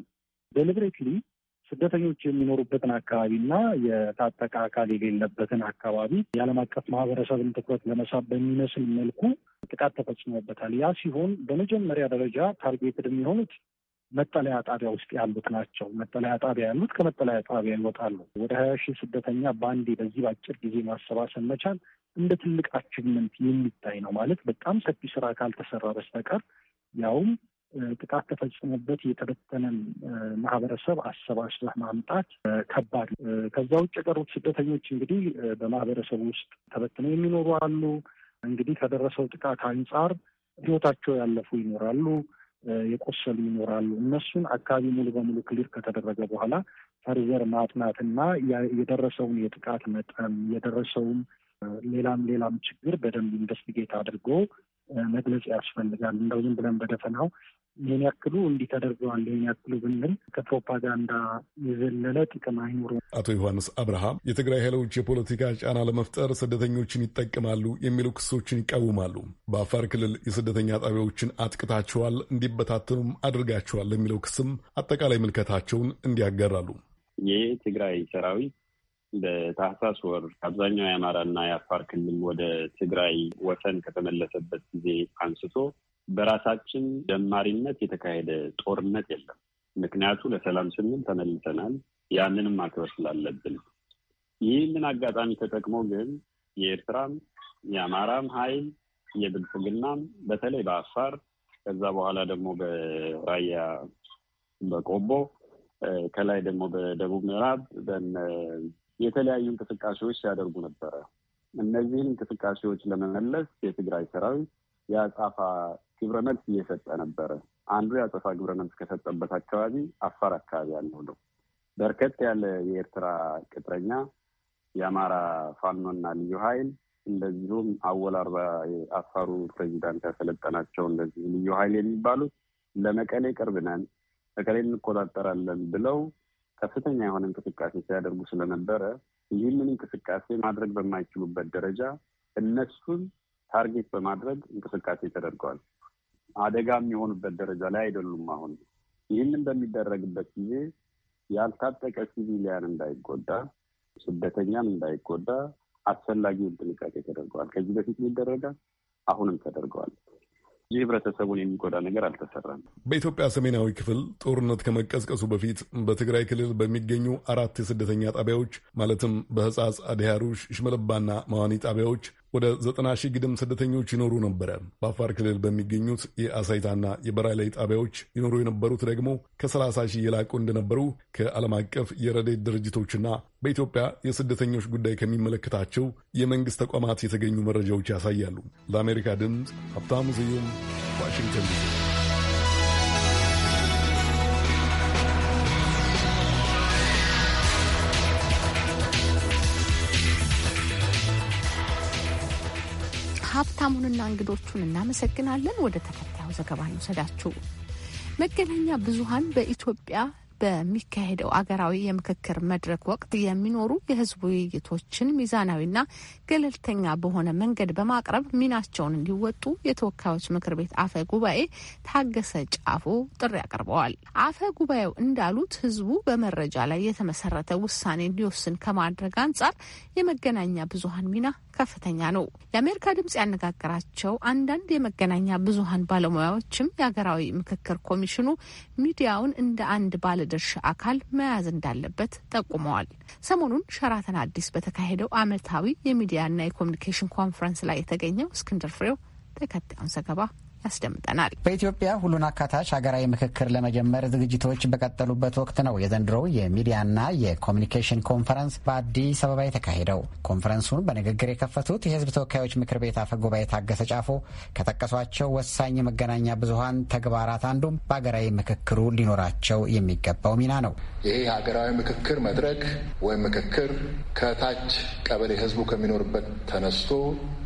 Speaker 3: ዴሊብሬትሊ ስደተኞች የሚኖሩበትን አካባቢና የታጠቀ አካል የሌለበትን አካባቢ የዓለም አቀፍ ማህበረሰብን ትኩረት ለመሳብ በሚመስል መልኩ ጥቃት ተፈጽሞበታል። ያ ሲሆን በመጀመሪያ ደረጃ ታርጌትድ የሚሆኑት መጠለያ ጣቢያ ውስጥ ያሉት ናቸው። መጠለያ ጣቢያ ያሉት ከመጠለያ ጣቢያ ይወጣሉ። ወደ ሀያ ሺህ ስደተኛ በአንዴ በዚህ በአጭር ጊዜ ማሰባሰብ መቻል እንደ ትልቅ አችቭመንት የሚታይ ነው ማለት በጣም ሰፊ ስራ ካልተሰራ በስተቀር ያውም ጥቃት ተፈጽሞበት የተበተነን ማህበረሰብ አሰባስበህ ማምጣት ከባድ ከዛ ውጭ የቀሩት ስደተኞች እንግዲህ በማህበረሰቡ ውስጥ ተበትነው የሚኖሩ አሉ። እንግዲህ ከደረሰው ጥቃት አንጻር ህይወታቸው ያለፉ ይኖራሉ፣ የቆሰሉ ይኖራሉ። እነሱን አካባቢ ሙሉ በሙሉ ክሊር ከተደረገ በኋላ ፈርዘር ማጥናትና የደረሰውን የጥቃት መጠን የደረሰውን ሌላም ሌላም ችግር በደንብ ኢንቨስቲጌት አድርጎ መግለጽ ያስፈልጋል። እንደው ዝም ብለን በደፈናው ይህን ያክሉ እንዲህ ተደርገዋል፣ ይህን ያክሉ ብንል ከፕሮፓጋንዳ የዘለለ ጥቅም አይኖሩ።
Speaker 10: አቶ ዮሐንስ አብርሃም የትግራይ ኃይሎች የፖለቲካ ጫና ለመፍጠር ስደተኞችን ይጠቀማሉ የሚሉ ክሶችን ይቃወማሉ። በአፋር ክልል የስደተኛ ጣቢያዎችን አጥቅታቸዋል፣ እንዲበታተኑም አድርጋቸዋል ለሚለው ክስም አጠቃላይ ምልከታቸውን እንዲያገራሉ።
Speaker 11: ትግራይ ሰራዊት በታህሳስ ወር አብዛኛው የአማራና የአፋር ክልል ወደ ትግራይ ወሰን ከተመለሰበት ጊዜ አንስቶ በራሳችን ደማሪነት የተካሄደ ጦርነት የለም። ምክንያቱ ለሰላም ስንል ተመልሰናል። ያንንም ማክበር ስላለብን ይህንን አጋጣሚ ተጠቅሞ ግን የኤርትራም የአማራም ኃይል የብልጽግናም በተለይ በአፋር ከዛ በኋላ ደግሞ በራያ በቆቦ ከላይ ደግሞ በደቡብ ምዕራብ የተለያዩ እንቅስቃሴዎች ሲያደርጉ ነበረ። እነዚህን እንቅስቃሴዎች ለመመለስ የትግራይ ሰራዊት የአጻፋ ግብረ መልስ እየሰጠ ነበረ። አንዱ የአጻፋ ግብረ መልስ ከሰጠበት አካባቢ አፋር አካባቢ ያለው ነው። በርከት ያለ የኤርትራ ቅጥረኛ የአማራ ፋኖና ልዩ ኃይል እንደዚሁም አወል አርባ የአፋሩ ፕሬዚዳንት ያሰለጠናቸው እንደዚህ ልዩ ኃይል የሚባሉት ለመቀሌ ቅርብ ነን፣ መቀሌ እንቆጣጠራለን ብለው ከፍተኛ የሆነ እንቅስቃሴ ሲያደርጉ ስለነበረ ይህንን እንቅስቃሴ ማድረግ በማይችሉበት ደረጃ እነሱን ታርጌት በማድረግ እንቅስቃሴ ተደርገዋል። አደጋ የሚሆኑበት ደረጃ ላይ አይደሉም። አሁን ይህንን በሚደረግበት ጊዜ ያልታጠቀ ሲቪሊያን እንዳይጎዳ፣ ስደተኛም እንዳይጎዳ አስፈላጊውን ጥንቃቄ ተደርገዋል። ከዚህ በፊት ይደረጋል፣ አሁንም ተደርገዋል። ይህ ህብረተሰቡን የሚጎዳ ነገር አልተሰራም።
Speaker 10: በኢትዮጵያ ሰሜናዊ ክፍል ጦርነት ከመቀስቀሱ በፊት በትግራይ ክልል በሚገኙ አራት የስደተኛ ጣቢያዎች ማለትም በህጻጽ አዲሃሩሽ፣ ሽመለባና መዋኒ ጣቢያዎች ወደ ዘጠና ሺህ ግድም ስደተኞች ይኖሩ ነበረ። በአፋር ክልል በሚገኙት የአሳይታና የበራላይ ጣቢያዎች ይኖሩ የነበሩት ደግሞ ከሰላሳ ሺህ የላቁ እንደነበሩ ከዓለም አቀፍ የረዴት ድርጅቶችና በኢትዮጵያ የስደተኞች ጉዳይ ከሚመለከታቸው የመንግሥት ተቋማት የተገኙ መረጃዎች ያሳያሉ። ለአሜሪካ ድምፅ ሀብታሙ ስዩም ዋሽንግተን ዲሲ
Speaker 1: ሀብታሙንና እንግዶቹን እናመሰግናለን። ወደ ተከታዩ ዘገባ እንውሰዳችሁ። መገናኛ ብዙሀን በኢትዮጵያ በሚካሄደው አገራዊ የምክክር መድረክ ወቅት የሚኖሩ የህዝብ ውይይቶችን ሚዛናዊና ገለልተኛ በሆነ መንገድ በማቅረብ ሚናቸውን እንዲወጡ የተወካዮች ምክር ቤት አፈ ጉባኤ ታገሰ ጫፎ ጥሪ አቅርበዋል። አፈ ጉባኤው እንዳሉት ህዝቡ በመረጃ ላይ የተመሰረተ ውሳኔ እንዲወስን ከማድረግ አንጻር የመገናኛ ብዙሀን ሚና ከፍተኛ ነው። የአሜሪካ ድምጽ ያነጋገራቸው አንዳንድ የመገናኛ ብዙሀን ባለሙያዎችም የሀገራዊ ምክክር ኮሚሽኑ ሚዲያውን እንደ አንድ ባለድርሻ አካል መያዝ እንዳለበት ጠቁመዋል። ሰሞኑን ሸራተን አዲስ በተካሄደው ዓመታዊ የሚዲያና የኮሚኒኬሽን ኮንፈረንስ ላይ የተገኘው እስክንድር ፍሬው ተከታዩን ዘገባ ያስደምጠናል።
Speaker 12: በኢትዮጵያ ሁሉን አካታች ሀገራዊ ምክክር ለመጀመር ዝግጅቶች በቀጠሉበት ወቅት ነው የዘንድሮው የሚዲያና የኮሚኒኬሽን ኮንፈረንስ በአዲስ አበባ የተካሄደው። ኮንፈረንሱን በንግግር የከፈቱት የህዝብ ተወካዮች ምክር ቤት አፈ ጉባኤ ታገሰ ጫፎ ከጠቀሷቸው ወሳኝ የመገናኛ ብዙሀን ተግባራት አንዱም በሀገራዊ ምክክሩ ሊኖራቸው የሚገባው ሚና ነው።
Speaker 9: ይሄ ሀገራዊ ምክክር መድረክ ወይም ምክክር ከታች ቀበሌ ህዝቡ ከሚኖርበት ተነስቶ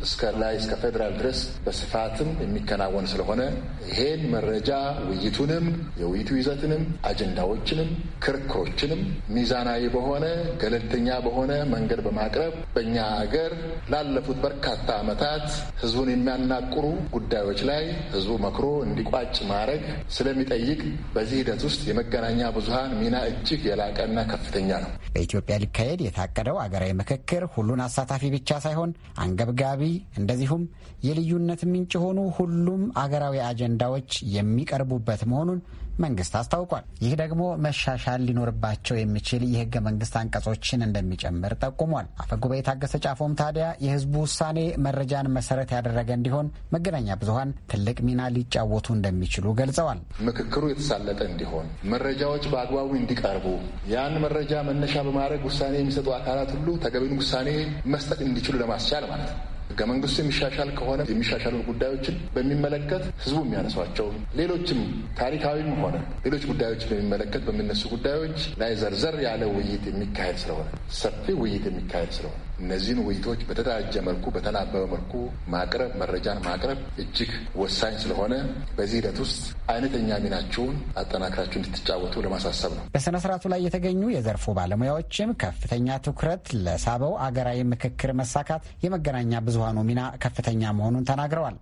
Speaker 9: እስከ ላይ እስከ ፌዴራል ድረስ በስፋትም የሚከናወን ስለሆነ ይሄን መረጃ ውይይቱንም፣ የውይይቱ ይዘትንም፣ አጀንዳዎችንም፣ ክርክሮችንም ሚዛናዊ በሆነ ገለልተኛ በሆነ መንገድ በማቅረብ በእኛ ሀገር ላለፉት በርካታ ዓመታት ህዝቡን የሚያናቁሩ ጉዳዮች ላይ ህዝቡ መክሮ እንዲቋጭ ማድረግ ስለሚጠይቅ በዚህ ሂደት ውስጥ የመገናኛ ብዙሀን ሚና እጅግ የላቀና ከፍተኛ ነው።
Speaker 12: በኢትዮጵያ ሊካሄድ የታቀደው አገራዊ ምክክር ሁሉን አሳታፊ ብቻ ሳይሆን አንገብጋቢ እንደዚሁም የልዩነት ምንጭ የሆኑ ሁሉም አገራዊ አጀንዳዎች የሚቀርቡበት መሆኑን መንግስት አስታውቋል። ይህ ደግሞ መሻሻል ሊኖርባቸው የሚችል የህገ መንግስት አንቀጾችን እንደሚጨምር ጠቁሟል። አፈጉባኤ ታገሰ ጫፎም ታዲያ የህዝቡ ውሳኔ መረጃን መሰረት ያደረገ እንዲሆን መገናኛ ብዙሀን ትልቅ ሚና ሊጫወቱ እንደሚችሉ ገልጸዋል።
Speaker 9: ምክክሩ የተሳለጠ እንዲሆን፣ መረጃዎች በአግባቡ እንዲቀርቡ፣ ያን መረጃ መነሻ በማድረግ ውሳኔ የሚሰጡ አካላት ሁሉ ተገቢውን ውሳኔ መስጠት እንዲችሉ ለማስቻል ማለት ነው። ህገ መንግስቱ የሚሻሻል ከሆነ የሚሻሻሉ ጉዳዮችን በሚመለከት ህዝቡ የሚያነሷቸው ሌሎችም ታሪካዊም ሆነ ሌሎች ጉዳዮችን በሚመለከት በሚነሱ ጉዳዮች ላይ ዘርዘር ያለ ውይይት የሚካሄድ ስለሆነ ሰፊ ውይይት የሚካሄድ ስለሆነ እነዚህን ውይይቶች በተደራጀ መልኩ በተናበበ መልኩ ማቅረብ መረጃን ማቅረብ እጅግ ወሳኝ ስለሆነ በዚህ ሂደት ውስጥ አይነተኛ ሚናችሁን አጠናክራችሁ እንድትጫወቱ ለማሳሰብ ነው።
Speaker 12: በስነ ስርዓቱ ላይ የተገኙ የዘርፉ ባለሙያዎችም ከፍተኛ ትኩረት ለሳበው አገራዊ ምክክር መሳካት የመገናኛ ብዙሀኑ ሚና ከፍተኛ መሆኑን ተናግረዋል።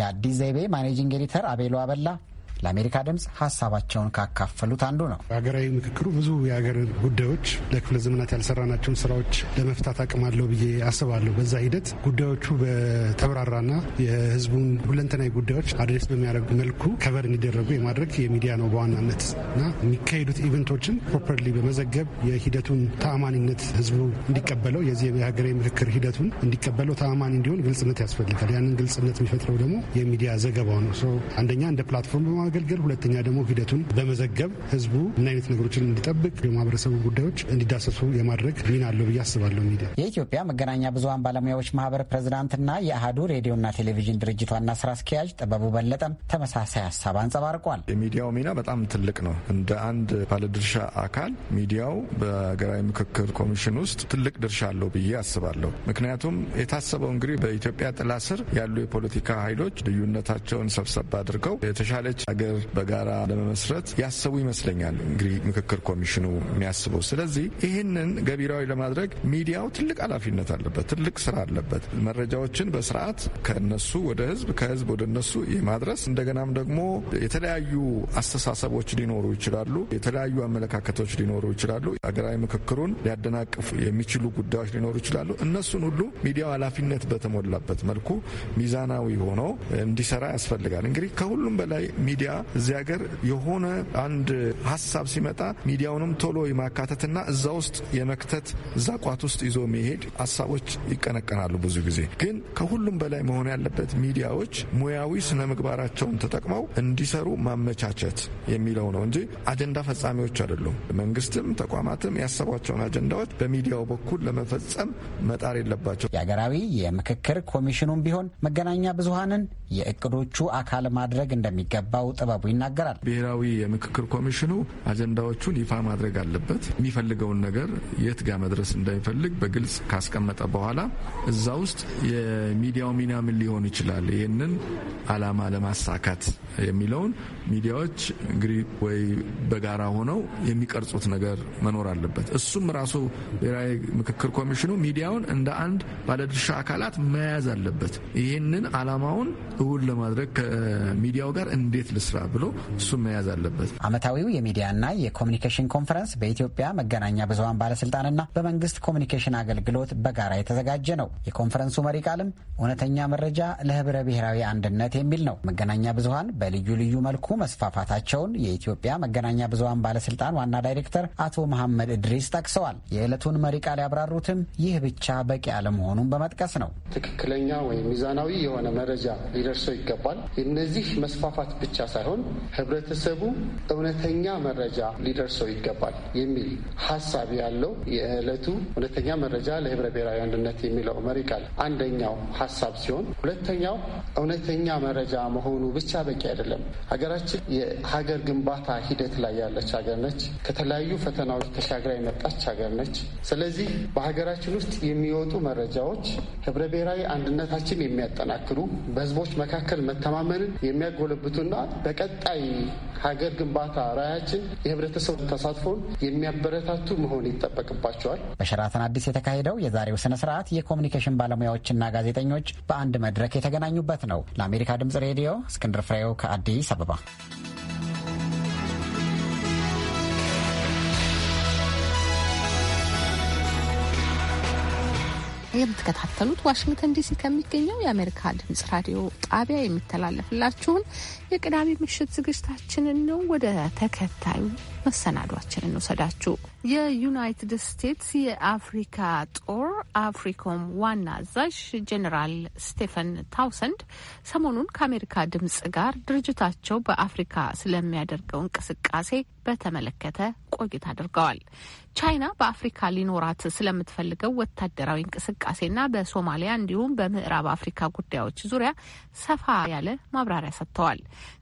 Speaker 12: የአዲስ ዘይቤ ማኔጂንግ ኤዲተር አቤሎ አበላ ለአሜሪካ ድምፅ ሀሳባቸውን ካካፈሉት አንዱ ነው። ሀገራዊ ምክክሩ ብዙ የሀገር
Speaker 6: ጉዳዮች ለክፍለ ዘመናት ያልሰራናቸውን ስራዎች ለመፍታት አቅም አለው ብዬ አስባለሁ። በዛ ሂደት ጉዳዮቹ በተብራራና የህዝቡን ሁለንተናዊ ጉዳዮች አድሬስ በሚያደርጉ መልኩ ከበር እንዲደረጉ የማድረግ የሚዲያ ነው በዋናነት እና የሚካሄዱት ኢቨንቶችን ፕሮፐርሊ በመዘገብ የሂደቱን ተአማኒነት ህዝቡ እንዲቀበለው የዚህ የሀገራዊ ምክክር ሂደቱን እንዲቀበለው ተአማኒ እንዲሆን ግልጽነት ያስፈልጋል። ያንን ግልጽነት የሚፈጥረው ደግሞ የሚዲያ ዘገባው ነው። አንደኛ እንደ ፕላትፎርም ማገልገል፣ ሁለተኛ ደግሞ ሂደቱን በመዘገብ ህዝቡ ምን አይነት ነገሮችን እንዲጠብቅ የማህበረሰቡ ጉዳዮች እንዲዳሰሱ የማድረግ ሚና አለው ብዬ አስባለሁ። ሚዲያ
Speaker 12: የኢትዮጵያ መገናኛ ብዙሀን ባለሙያዎች ማህበር ፕሬዝዳንትና የአህዱ ሬዲዮና ቴሌቪዥን ድርጅት ዋና ስራ አስኪያጅ ጥበቡ በለጠም ተመሳሳይ ሀሳብ አንጸባርቋል።
Speaker 13: የሚዲያው ሚና በጣም ትልቅ ነው። እንደ አንድ ባለድርሻ አካል ሚዲያው በሀገራዊ ምክክር ኮሚሽን ውስጥ ትልቅ ድርሻ አለው ብዬ አስባለሁ። ምክንያቱም የታሰበው እንግዲህ በኢትዮጵያ ጥላ ስር ያሉ የፖለቲካ ኃይሎች ልዩነታቸውን ሰብሰብ አድርገው የተሻለች ሀገር በጋራ ለመመስረት ያሰቡ ይመስለኛል እንግዲህ ምክክር ኮሚሽኑ የሚያስበው። ስለዚህ ይህንን ገቢራዊ ለማድረግ ሚዲያው ትልቅ ኃላፊነት አለበት፣ ትልቅ ስራ አለበት። መረጃዎችን በስርዓት ከነሱ ወደ ህዝብ፣ ከህዝብ ወደ እነሱ የማድረስ እንደገናም ደግሞ የተለያዩ አስተሳሰቦች ሊኖሩ ይችላሉ፣ የተለያዩ አመለካከቶች ሊኖሩ ይችላሉ፣ ሀገራዊ ምክክሩን ሊያደናቅፉ የሚችሉ ጉዳዮች ሊኖሩ ይችላሉ። እነሱን ሁሉ ሚዲያው ኃላፊነት በተሞላበት መልኩ ሚዛናዊ ሆኖ እንዲሰራ ያስፈልጋል። እንግዲህ ከሁሉም በላይ ሚዲያ ሚዲያ እዚህ ሀገር የሆነ አንድ ሀሳብ ሲመጣ ሚዲያውንም ቶሎ የማካተትና እዛ ውስጥ የመክተት እዛ ቋት ውስጥ ይዞ መሄድ ሀሳቦች ይቀነቀናሉ ብዙ ጊዜ። ግን ከሁሉም በላይ መሆን ያለበት ሚዲያዎች ሙያዊ ስነ ምግባራቸውን ተጠቅመው እንዲሰሩ ማመቻቸት የሚለው ነው እንጂ አጀንዳ ፈጻሚዎች አይደሉም። መንግስትም
Speaker 12: ተቋማትም ያሰቧቸውን አጀንዳዎች በሚዲያው በኩል ለመፈጸም መጣር የለባቸው። የሀገራዊ የምክክር ኮሚሽኑም ቢሆን መገናኛ ብዙሀንን የእቅዶቹ አካል ማድረግ እንደሚገባው ጥበቡ ይናገራል። ብሔራዊ የምክክር ኮሚሽኑ አጀንዳዎቹን ይፋ ማድረግ አለበት።
Speaker 13: የሚፈልገውን ነገር የት ጋር መድረስ እንደሚፈልግ በግልጽ ካስቀመጠ በኋላ እዛ ውስጥ የሚዲያው ሚና ምን ሊሆን ይችላል፣ ይህንን አላማ ለማሳካት የሚለውን ሚዲያዎች እንግዲህ ወይ በጋራ ሆነው የሚቀርጹት ነገር መኖር አለበት። እሱም ራሱ ብሔራዊ ምክክር ኮሚሽኑ ሚዲያውን እንደ አንድ ባለድርሻ አካላት መያዝ አለበት። ይህንን አላማውን እውን ለማድረግ ከሚዲያው ጋር እንዴት
Speaker 12: ልስ ስራ ብሎ እሱን መያዝ አለበት። አመታዊው የሚዲያና የኮሚኒኬሽን ኮንፈረንስ በኢትዮጵያ መገናኛ ብዙሀን ባለስልጣንና በመንግስት ኮሚኒኬሽን አገልግሎት በጋራ የተዘጋጀ ነው። የኮንፈረንሱ መሪ ቃልም እውነተኛ መረጃ ለህብረ ብሔራዊ አንድነት የሚል ነው። መገናኛ ብዙሀን በልዩ ልዩ መልኩ መስፋፋታቸውን የኢትዮጵያ መገናኛ ብዙሀን ባለስልጣን ዋና ዳይሬክተር አቶ መሐመድ እድሪስ ጠቅሰዋል። የዕለቱን መሪ ቃል ያብራሩትም ይህ ብቻ በቂ አለመሆኑን በመጥቀስ ነው።
Speaker 9: ትክክለኛ ወይም ሚዛናዊ የሆነ መረጃ ሊደርሰው ይገባል። እነዚህ መስፋፋት ብቻ ሳይሆን ህብረተሰቡ እውነተኛ መረጃ ሊደርሰው ይገባል የሚል ሀሳብ ያለው የዕለቱ እውነተኛ መረጃ ለህብረ ብሔራዊ አንድነት የሚለው መሪ ቃል አንደኛው ሀሳብ ሲሆን፣ ሁለተኛው እውነተኛ መረጃ መሆኑ ብቻ በቂ አይደለም። ሀገራችን የሀገር ግንባታ ሂደት ላይ ያለች ሀገር ነች። ከተለያዩ ፈተናዎች ተሻግራ የመጣች ሀገር ነች። ስለዚህ በሀገራችን ውስጥ የሚወጡ መረጃዎች ህብረ ብሔራዊ አንድነታችን የሚያጠናክሩ በህዝቦች መካከል መተማመንን የሚያጎለብቱና በቀጣይ ሀገር ግንባታ ራያችን የህብረተሰቡ ተሳትፎን የሚያበረታቱ መሆን ይጠበቅባቸዋል።
Speaker 12: በሸራተን አዲስ የተካሄደው የዛሬው ስነ ስርዓት የኮሚኒኬሽን ባለሙያዎችና ጋዜጠኞች በአንድ መድረክ የተገናኙበት ነው። ለአሜሪካ ድምጽ ሬዲዮ እስክንድር ፍሬው ከአዲስ አበባ
Speaker 1: የምትከታተሉት ዋሽንግተን ዲሲ ከሚገኘው የአሜሪካ ድምጽ ራዲዮ ጣቢያ የሚተላለፍላችሁን የቅዳሜ ምሽት ዝግጅታችንን ነው። ወደ ተከታዩ መሰናዷችንን እንውሰዳችሁ። የዩናይትድ ስቴትስ የአፍሪካ ጦር አፍሪኮም ዋና አዛዥ ጄኔራል ስቴፈን ታውሰንድ ሰሞኑን ከአሜሪካ ድምጽ ጋር ድርጅታቸው በአፍሪካ ስለሚያደርገው እንቅስቃሴ በተመለከተ ቆይታ አድርገዋል። ቻይና በአፍሪካ ሊኖራት ስለምትፈልገው ወታደራዊ እንቅስቃሴና በሶማሊያ እንዲሁም በምዕራብ አፍሪካ ጉዳዮች ዙሪያ ሰፋ ያለ ማብራሪያ ሰጥተዋል።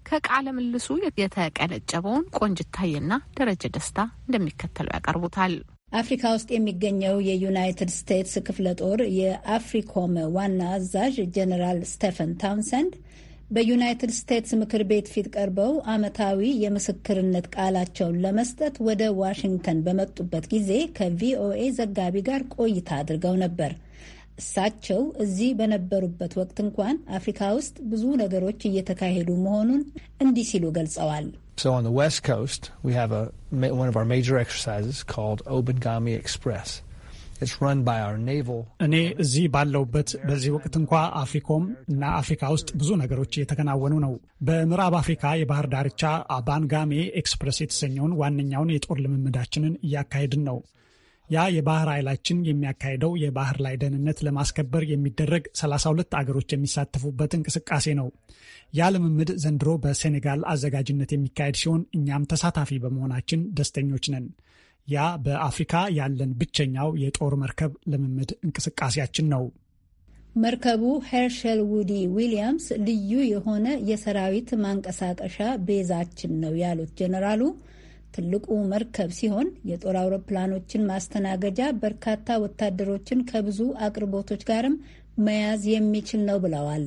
Speaker 1: ከቃለ ምልሱ የተቀነጨበውን ቆንጅታዬና ደረጀ ደስታ እንደሚከተለው ያቀርቡታል።
Speaker 14: አፍሪካ ውስጥ የሚገኘው የዩናይትድ ስቴትስ ክፍለ ጦር የአፍሪኮም ዋና አዛዥ ጀኔራል ስቴፈን ታውንሰንድ በዩናይትድ ስቴትስ ምክር ቤት ፊት ቀርበው ዓመታዊ የምስክርነት ቃላቸውን ለመስጠት ወደ ዋሽንግተን በመጡበት ጊዜ ከቪኦኤ ዘጋቢ ጋር ቆይታ አድርገው ነበር። እሳቸው እዚህ በነበሩበት ወቅት እንኳን አፍሪካ ውስጥ ብዙ ነገሮች እየተካሄዱ መሆኑን እንዲህ ሲሉ ገልጸዋል።
Speaker 4: ዌስት ኮስት ኦባንጋሚ ኤክስፕሬስ እኔ እዚህ ባለውበት በዚህ ወቅት እንኳ አፍሪኮም እና አፍሪካ ውስጥ ብዙ ነገሮች እየተከናወኑ ነው። በምዕራብ አፍሪካ የባህር ዳርቻ አባንጋሜ ኤክስፕረስ የተሰኘውን ዋነኛውን የጦር ልምምዳችንን እያካሄድን ነው። ያ የባህር ኃይላችን የሚያካሄደው የባህር ላይ ደህንነት ለማስከበር የሚደረግ 32 አገሮች የሚሳተፉበት እንቅስቃሴ ነው። ያ ልምምድ ዘንድሮ በሴኔጋል አዘጋጅነት የሚካሄድ ሲሆን እኛም ተሳታፊ በመሆናችን ደስተኞች ነን። ያ በአፍሪካ ያለን ብቸኛው የጦር መርከብ ልምምድ እንቅስቃሴያችን ነው።
Speaker 14: መርከቡ ሄርሸል ውዲ ዊሊያምስ ልዩ የሆነ የሰራዊት ማንቀሳቀሻ ቤዛችን ነው ያሉት ጀነራሉ ትልቁ መርከብ ሲሆን የጦር አውሮፕላኖችን ማስተናገጃ፣ በርካታ ወታደሮችን ከብዙ አቅርቦቶች ጋርም መያዝ የሚችል ነው ብለዋል።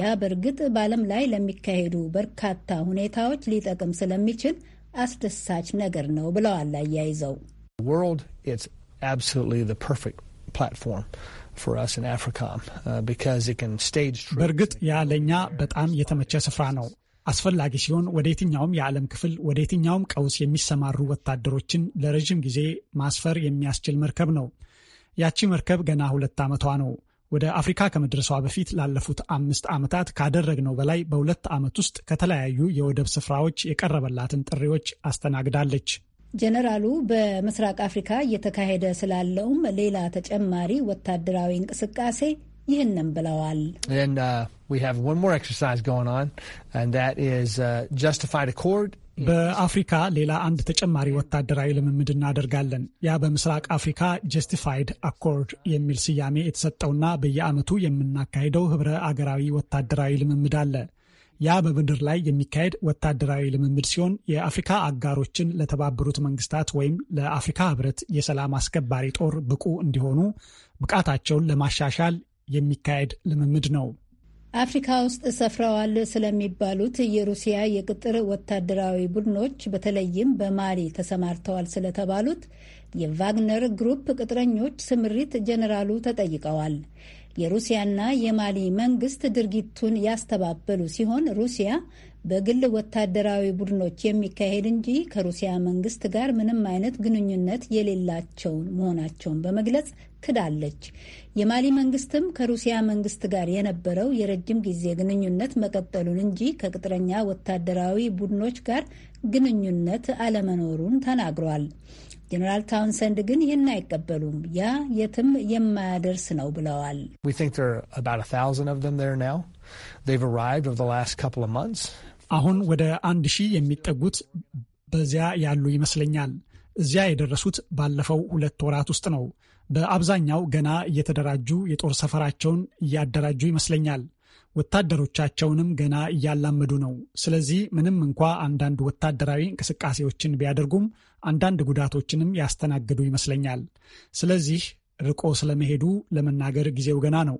Speaker 14: ያ በእርግጥ በዓለም ላይ ለሚካሄዱ በርካታ ሁኔታዎች ሊጠቅም ስለሚችል አስደሳች ነገር ነው ብለዋል። አያይዘው
Speaker 4: uh, በእርግጥ ያ ለእኛ በጣም የተመቸ ስፍራ ነው። አስፈላጊ ሲሆን ወደ የትኛውም የዓለም ክፍል ወደ የትኛውም ቀውስ የሚሰማሩ ወታደሮችን ለረዥም ጊዜ ማስፈር የሚያስችል መርከብ ነው። ያቺ መርከብ ገና ሁለት ዓመቷ ነው። ወደ አፍሪካ ከመድረሷ በፊት ላለፉት አምስት ዓመታት ካደረግነው በላይ በሁለት ዓመት ውስጥ ከተለያዩ የወደብ ስፍራዎች የቀረበላትን ጥሪዎች አስተናግዳለች።
Speaker 14: ጀነራሉ በምስራቅ አፍሪካ እየተካሄደ ስላለውም ሌላ ተጨማሪ ወታደራዊ እንቅስቃሴ ይህንም ብለዋል።
Speaker 4: uh, በአፍሪካ ሌላ አንድ ተጨማሪ ወታደራዊ ልምምድ እናደርጋለን። ያ በምስራቅ አፍሪካ ጀስቲፋይድ አኮርድ የሚል ስያሜ የተሰጠውና በየዓመቱ የምናካሄደው ህብረ አገራዊ ወታደራዊ ልምምድ አለ። ያ በምድር ላይ የሚካሄድ ወታደራዊ ልምምድ ሲሆን የአፍሪካ አጋሮችን ለተባበሩት መንግስታት ወይም ለአፍሪካ ህብረት የሰላም አስከባሪ ጦር ብቁ እንዲሆኑ ብቃታቸውን ለማሻሻል የሚካሄድ ልምምድ ነው።
Speaker 14: አፍሪካ ውስጥ ሰፍረዋል ስለሚባሉት የሩሲያ የቅጥር ወታደራዊ ቡድኖች በተለይም በማሊ ተሰማርተዋል ስለተባሉት የቫግነር ግሩፕ ቅጥረኞች ስምሪት ጀኔራሉ ተጠይቀዋል። የሩሲያና የማሊ መንግስት ድርጊቱን ያስተባበሉ ሲሆን ሩሲያ በግል ወታደራዊ ቡድኖች የሚካሄድ እንጂ ከሩሲያ መንግስት ጋር ምንም አይነት ግንኙነት የሌላቸው መሆናቸውን በመግለጽ ክዳለች። የማሊ መንግስትም ከሩሲያ መንግስት ጋር የነበረው የረጅም ጊዜ ግንኙነት መቀጠሉን እንጂ ከቅጥረኛ ወታደራዊ ቡድኖች ጋር ግንኙነት አለመኖሩን ተናግሯል። ጀነራል ታውንሰንድ ግን ይህን አይቀበሉም። ያ የትም የማያደርስ ነው ብለዋል።
Speaker 4: አሁን ወደ አንድ ሺህ የሚጠጉት በዚያ ያሉ ይመስለኛል። እዚያ የደረሱት ባለፈው ሁለት ወራት ውስጥ ነው። በአብዛኛው ገና እየተደራጁ የጦር ሰፈራቸውን እያደራጁ ይመስለኛል። ወታደሮቻቸውንም ገና እያላመዱ ነው። ስለዚህ ምንም እንኳ አንዳንድ ወታደራዊ እንቅስቃሴዎችን ቢያደርጉም አንዳንድ ጉዳቶችንም ያስተናግዱ ይመስለኛል። ስለዚህ ርቆ ስለመሄዱ ለመናገር ጊዜው ገና ነው።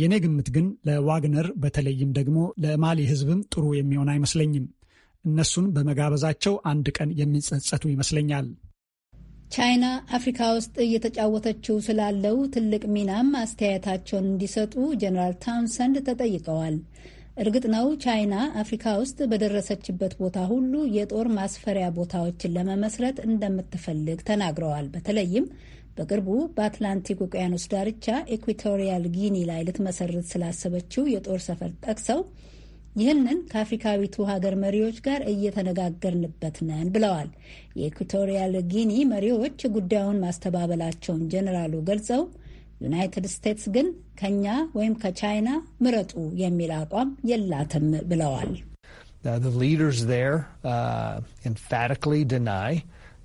Speaker 4: የእኔ ግምት ግን ለዋግነር በተለይም ደግሞ ለማሊ ህዝብም ጥሩ የሚሆን አይመስለኝም። እነሱን በመጋበዛቸው አንድ ቀን የሚጸጸቱ ይመስለኛል።
Speaker 14: ቻይና አፍሪካ ውስጥ እየተጫወተችው ስላለው ትልቅ ሚናም አስተያየታቸውን እንዲሰጡ ጀነራል ታውንሰንድ ተጠይቀዋል። እርግጥ ነው ቻይና አፍሪካ ውስጥ በደረሰችበት ቦታ ሁሉ የጦር ማስፈሪያ ቦታዎችን ለመመስረት እንደምትፈልግ ተናግረዋል። በተለይም በቅርቡ በአትላንቲክ ውቅያኖስ ዳርቻ ኤኩቶሪያል ጊኒ ላይ ልትመሰርት ስላሰበችው የጦር ሰፈር ጠቅሰው ይህንን ከአፍሪካዊቱ ሀገር መሪዎች ጋር እየተነጋገርንበት ነን ብለዋል። የኢኩቶሪያል ጊኒ መሪዎች ጉዳዩን ማስተባበላቸውን ጀኔራሉ ገልጸው ዩናይትድ ስቴትስ ግን ከኛ ወይም ከቻይና ምረጡ የሚል አቋም የላትም ብለዋል።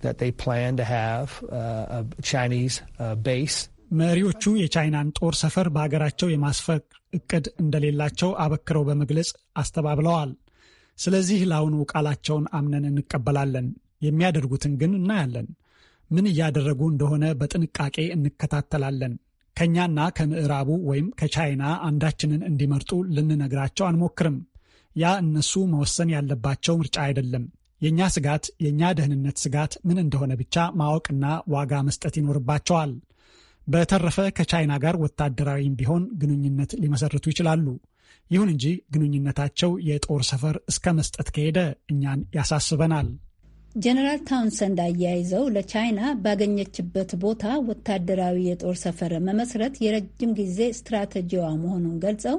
Speaker 4: that they plan to have uh, a Chinese uh, base. መሪዎቹ የቻይናን ጦር ሰፈር በሀገራቸው የማስፈቅ እቅድ እንደሌላቸው አበክረው በመግለጽ አስተባብለዋል። ስለዚህ ለአሁኑ ቃላቸውን አምነን እንቀበላለን። የሚያደርጉትን ግን እናያለን። ምን እያደረጉ እንደሆነ በጥንቃቄ እንከታተላለን። ከእኛና ከምዕራቡ ወይም ከቻይና አንዳችንን እንዲመርጡ ልንነግራቸው አንሞክርም። ያ እነሱ መወሰን ያለባቸው ምርጫ አይደለም። የእኛ ስጋት የእኛ ደህንነት ስጋት ምን እንደሆነ ብቻ ማወቅና ዋጋ መስጠት ይኖርባቸዋል። በተረፈ ከቻይና ጋር ወታደራዊም ቢሆን ግንኙነት ሊመሰርቱ ይችላሉ። ይሁን እንጂ ግንኙነታቸው የጦር ሰፈር እስከ መስጠት ከሄደ እኛን ያሳስበናል።
Speaker 14: ጀነራል ታውንሰንድ አያይዘው ለቻይና ባገኘችበት ቦታ ወታደራዊ የጦር ሰፈር መመስረት የረጅም ጊዜ ስትራቴጂዋ መሆኑን ገልጸው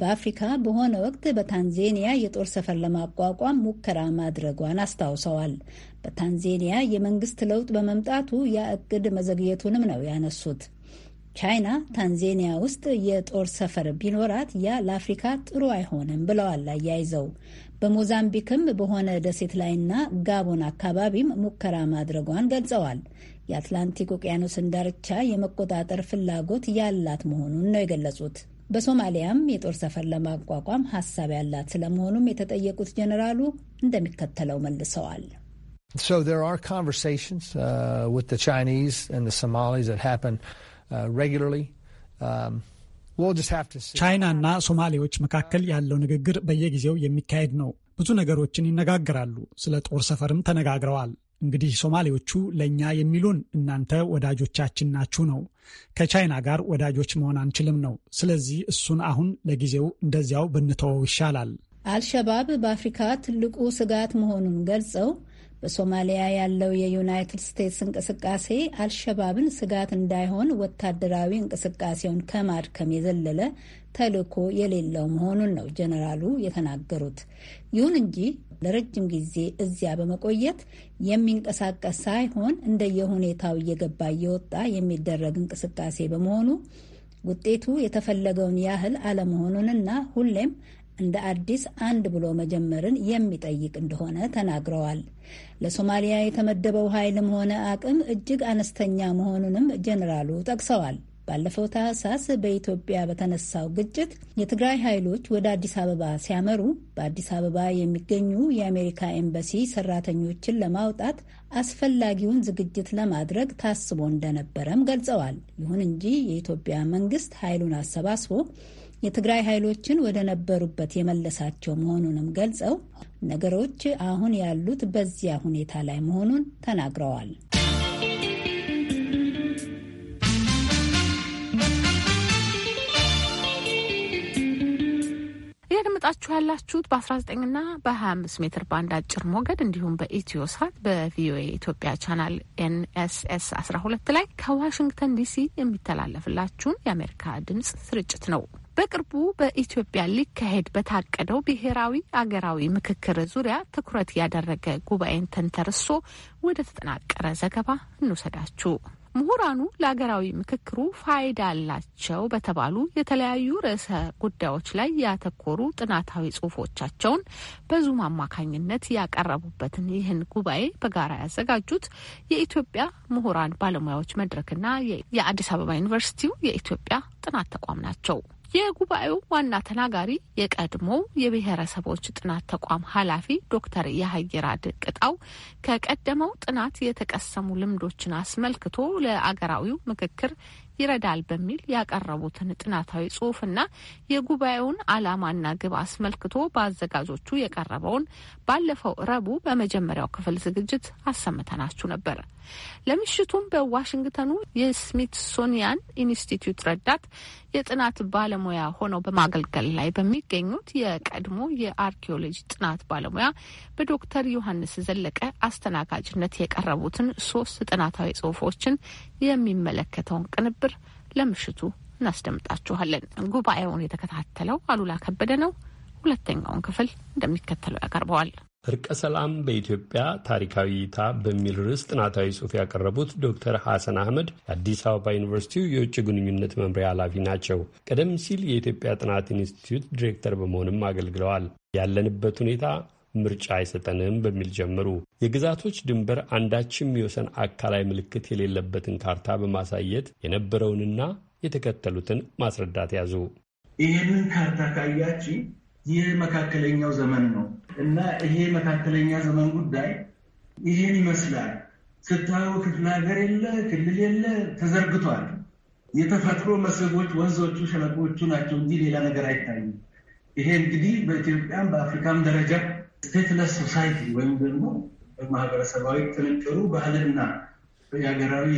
Speaker 14: በአፍሪካ በሆነ ወቅት በታንዜኒያ የጦር ሰፈር ለማቋቋም ሙከራ ማድረጓን አስታውሰዋል። በታንዜኒያ የመንግስት ለውጥ በመምጣቱ የእቅድ መዘግየቱንም ነው ያነሱት። ቻይና ታንዜኒያ ውስጥ የጦር ሰፈር ቢኖራት ያ ለአፍሪካ ጥሩ አይሆንም ብለዋል አያይዘው። በሞዛምቢክም በሆነ ደሴት ላይና ጋቦን አካባቢም ሙከራ ማድረጓን ገልጸዋል። የአትላንቲክ ውቅያኖስን ዳርቻ የመቆጣጠር ፍላጎት ያላት መሆኑን ነው የገለጹት። በሶማሊያም የጦር ሰፈር ለማቋቋም ሀሳብ ያላት ስለመሆኑም የተጠየቁት ጀኔራሉ እንደሚከተለው መልሰዋል።
Speaker 5: So there are conversations uh, with the
Speaker 3: Chinese
Speaker 4: and the Somalis that happen uh, regularly. Um, we'll just have to see. ቻይናና ሶማሌዎች መካከል ያለው ንግግር በየጊዜው የሚካሄድ ነው። ብዙ ነገሮችን ይነጋገራሉ። ስለ ጦር ሰፈርም ተነጋግረዋል። እንግዲህ ሶማሌዎቹ ለእኛ የሚሉን እናንተ ወዳጆቻችን ናችሁ ነው። ከቻይና ጋር ወዳጆች መሆን አንችልም ነው። ስለዚህ እሱን አሁን ለጊዜው እንደዚያው ብንተወው ይሻላል።
Speaker 14: አልሸባብ በአፍሪካ ትልቁ ስጋት መሆኑን ገልጸው በሶማሊያ ያለው የዩናይትድ ስቴትስ እንቅስቃሴ አልሸባብን ስጋት እንዳይሆን ወታደራዊ እንቅስቃሴውን ከማድከም የዘለለ ተልዕኮ የሌለው መሆኑን ነው ጀነራሉ የተናገሩት። ይሁን እንጂ ለረጅም ጊዜ እዚያ በመቆየት የሚንቀሳቀስ ሳይሆን እንደየሁኔታው እየገባ እየወጣ የሚደረግ እንቅስቃሴ በመሆኑ ውጤቱ የተፈለገውን ያህል አለመሆኑንና ሁሌም እንደ አዲስ አንድ ብሎ መጀመርን የሚጠይቅ እንደሆነ ተናግረዋል። ለሶማሊያ የተመደበው ኃይልም ሆነ አቅም እጅግ አነስተኛ መሆኑንም ጀኔራሉ ጠቅሰዋል። ባለፈው ታህሳስ በኢትዮጵያ በተነሳው ግጭት የትግራይ ኃይሎች ወደ አዲስ አበባ ሲያመሩ በአዲስ አበባ የሚገኙ የአሜሪካ ኤምባሲ ሰራተኞችን ለማውጣት አስፈላጊውን ዝግጅት ለማድረግ ታስቦ እንደነበረም ገልጸዋል። ይሁን እንጂ የኢትዮጵያ መንግስት ኃይሉን አሰባስቦ የትግራይ ኃይሎችን ወደ ነበሩበት የመለሳቸው መሆኑንም ገልጸው ነገሮች አሁን ያሉት በዚያ ሁኔታ ላይ መሆኑን ተናግረዋል።
Speaker 1: እያዳመጣችሁ ያላችሁት በ19 ና በ25 ሜትር ባንድ አጭር ሞገድ እንዲሁም በኢትዮ ሳት በቪኦኤ ኢትዮጵያ ቻናል ኤንኤስኤስ 12 ላይ ከዋሽንግተን ዲሲ የሚተላለፍላችሁን የአሜሪካ ድምጽ ስርጭት ነው። በቅርቡ በኢትዮጵያ ሊካሄድ በታቀደው ብሔራዊ አገራዊ ምክክር ዙሪያ ትኩረት ያደረገ ጉባኤን ተንተርሶ ወደ ተጠናቀረ ዘገባ እንውሰዳችሁ። ምሁራኑ ለሀገራዊ ምክክሩ ፋይዳ አላቸው በተባሉ የተለያዩ ርዕሰ ጉዳዮች ላይ ያተኮሩ ጥናታዊ ጽሁፎቻቸውን በዙም አማካኝነት ያቀረቡበትን ይህን ጉባኤ በጋራ ያዘጋጁት የኢትዮጵያ ምሁራን ባለሙያዎች መድረክና የአዲስ አበባ ዩኒቨርሲቲው የኢትዮጵያ ጥናት ተቋም ናቸው። የጉባኤው ዋና ተናጋሪ የቀድሞው የብሔረሰቦች ጥናት ተቋም ኃላፊ ዶክተር የሀየራድ ቅጣው ከቀደመው ጥናት የተቀሰሙ ልምዶችን አስመልክቶ ለአገራዊው ምክክር ይረዳል በሚል ያቀረቡትን ጥናታዊ ጽሁፍና የጉባኤውን ዓላማና ግብ አስመልክቶ በአዘጋጆቹ የቀረበውን ባለፈው ረቡዕ በመጀመሪያው ክፍል ዝግጅት አሰምተናችሁ ነበር። ለምሽቱም በዋሽንግተኑ የስሚትሶኒያን ኢንስቲትዩት ረዳት የጥናት ባለሙያ ሆነው በማገልገል ላይ በሚገኙት የቀድሞ የአርኪኦሎጂ ጥናት ባለሙያ በዶክተር ዮሐንስ ዘለቀ አስተናጋጅነት የቀረቡትን ሶስት ጥናታዊ ጽሁፎችን የሚመለከተውን ቅንብር ለምሽቱ እናስደምጣችኋለን። ጉባኤውን የተከታተለው አሉላ ከበደ ነው። ሁለተኛውን ክፍል እንደሚከተለው ያቀርበዋል።
Speaker 15: እርቀ ሰላም በኢትዮጵያ ታሪካዊ እይታ በሚል ርዕስ ጥናታዊ ጽሑፍ ያቀረቡት ዶክተር ሐሰን አህመድ የአዲስ አበባ ዩኒቨርሲቲው የውጭ ግንኙነት መምሪያ ኃላፊ ናቸው። ቀደም ሲል የኢትዮጵያ ጥናት ኢንስቲትዩት ዲሬክተር በመሆንም አገልግለዋል። ያለንበት ሁኔታ ምርጫ አይሰጠንም በሚል ጀመሩ። የግዛቶች ድንበር አንዳችም የወሰን አካላዊ ምልክት የሌለበትን ካርታ በማሳየት የነበረውንና የተከተሉትን ማስረዳት ያዙ።
Speaker 5: ይህንን ካርታ ካያችሁ ይህ መካከለኛው ዘመን ነው እና ይሄ መካከለኛ ዘመን ጉዳይ ይሄን ይመስላል። ስታዩ ክፍለ ሀገር የለ ክልል የለ ተዘርግቷል። የተፈጥሮ መስህቦች ወንዞቹ፣ ሸለቆቹ ናቸው እንጂ ሌላ ነገር አይታይም። ይሄ እንግዲህ በኢትዮጵያም በአፍሪካም ደረጃ ስቴትለስ ሶሳይቲ ወይም ደግሞ ማህበረሰባዊ ጥንቅሩ ባህልና የሀገራዊ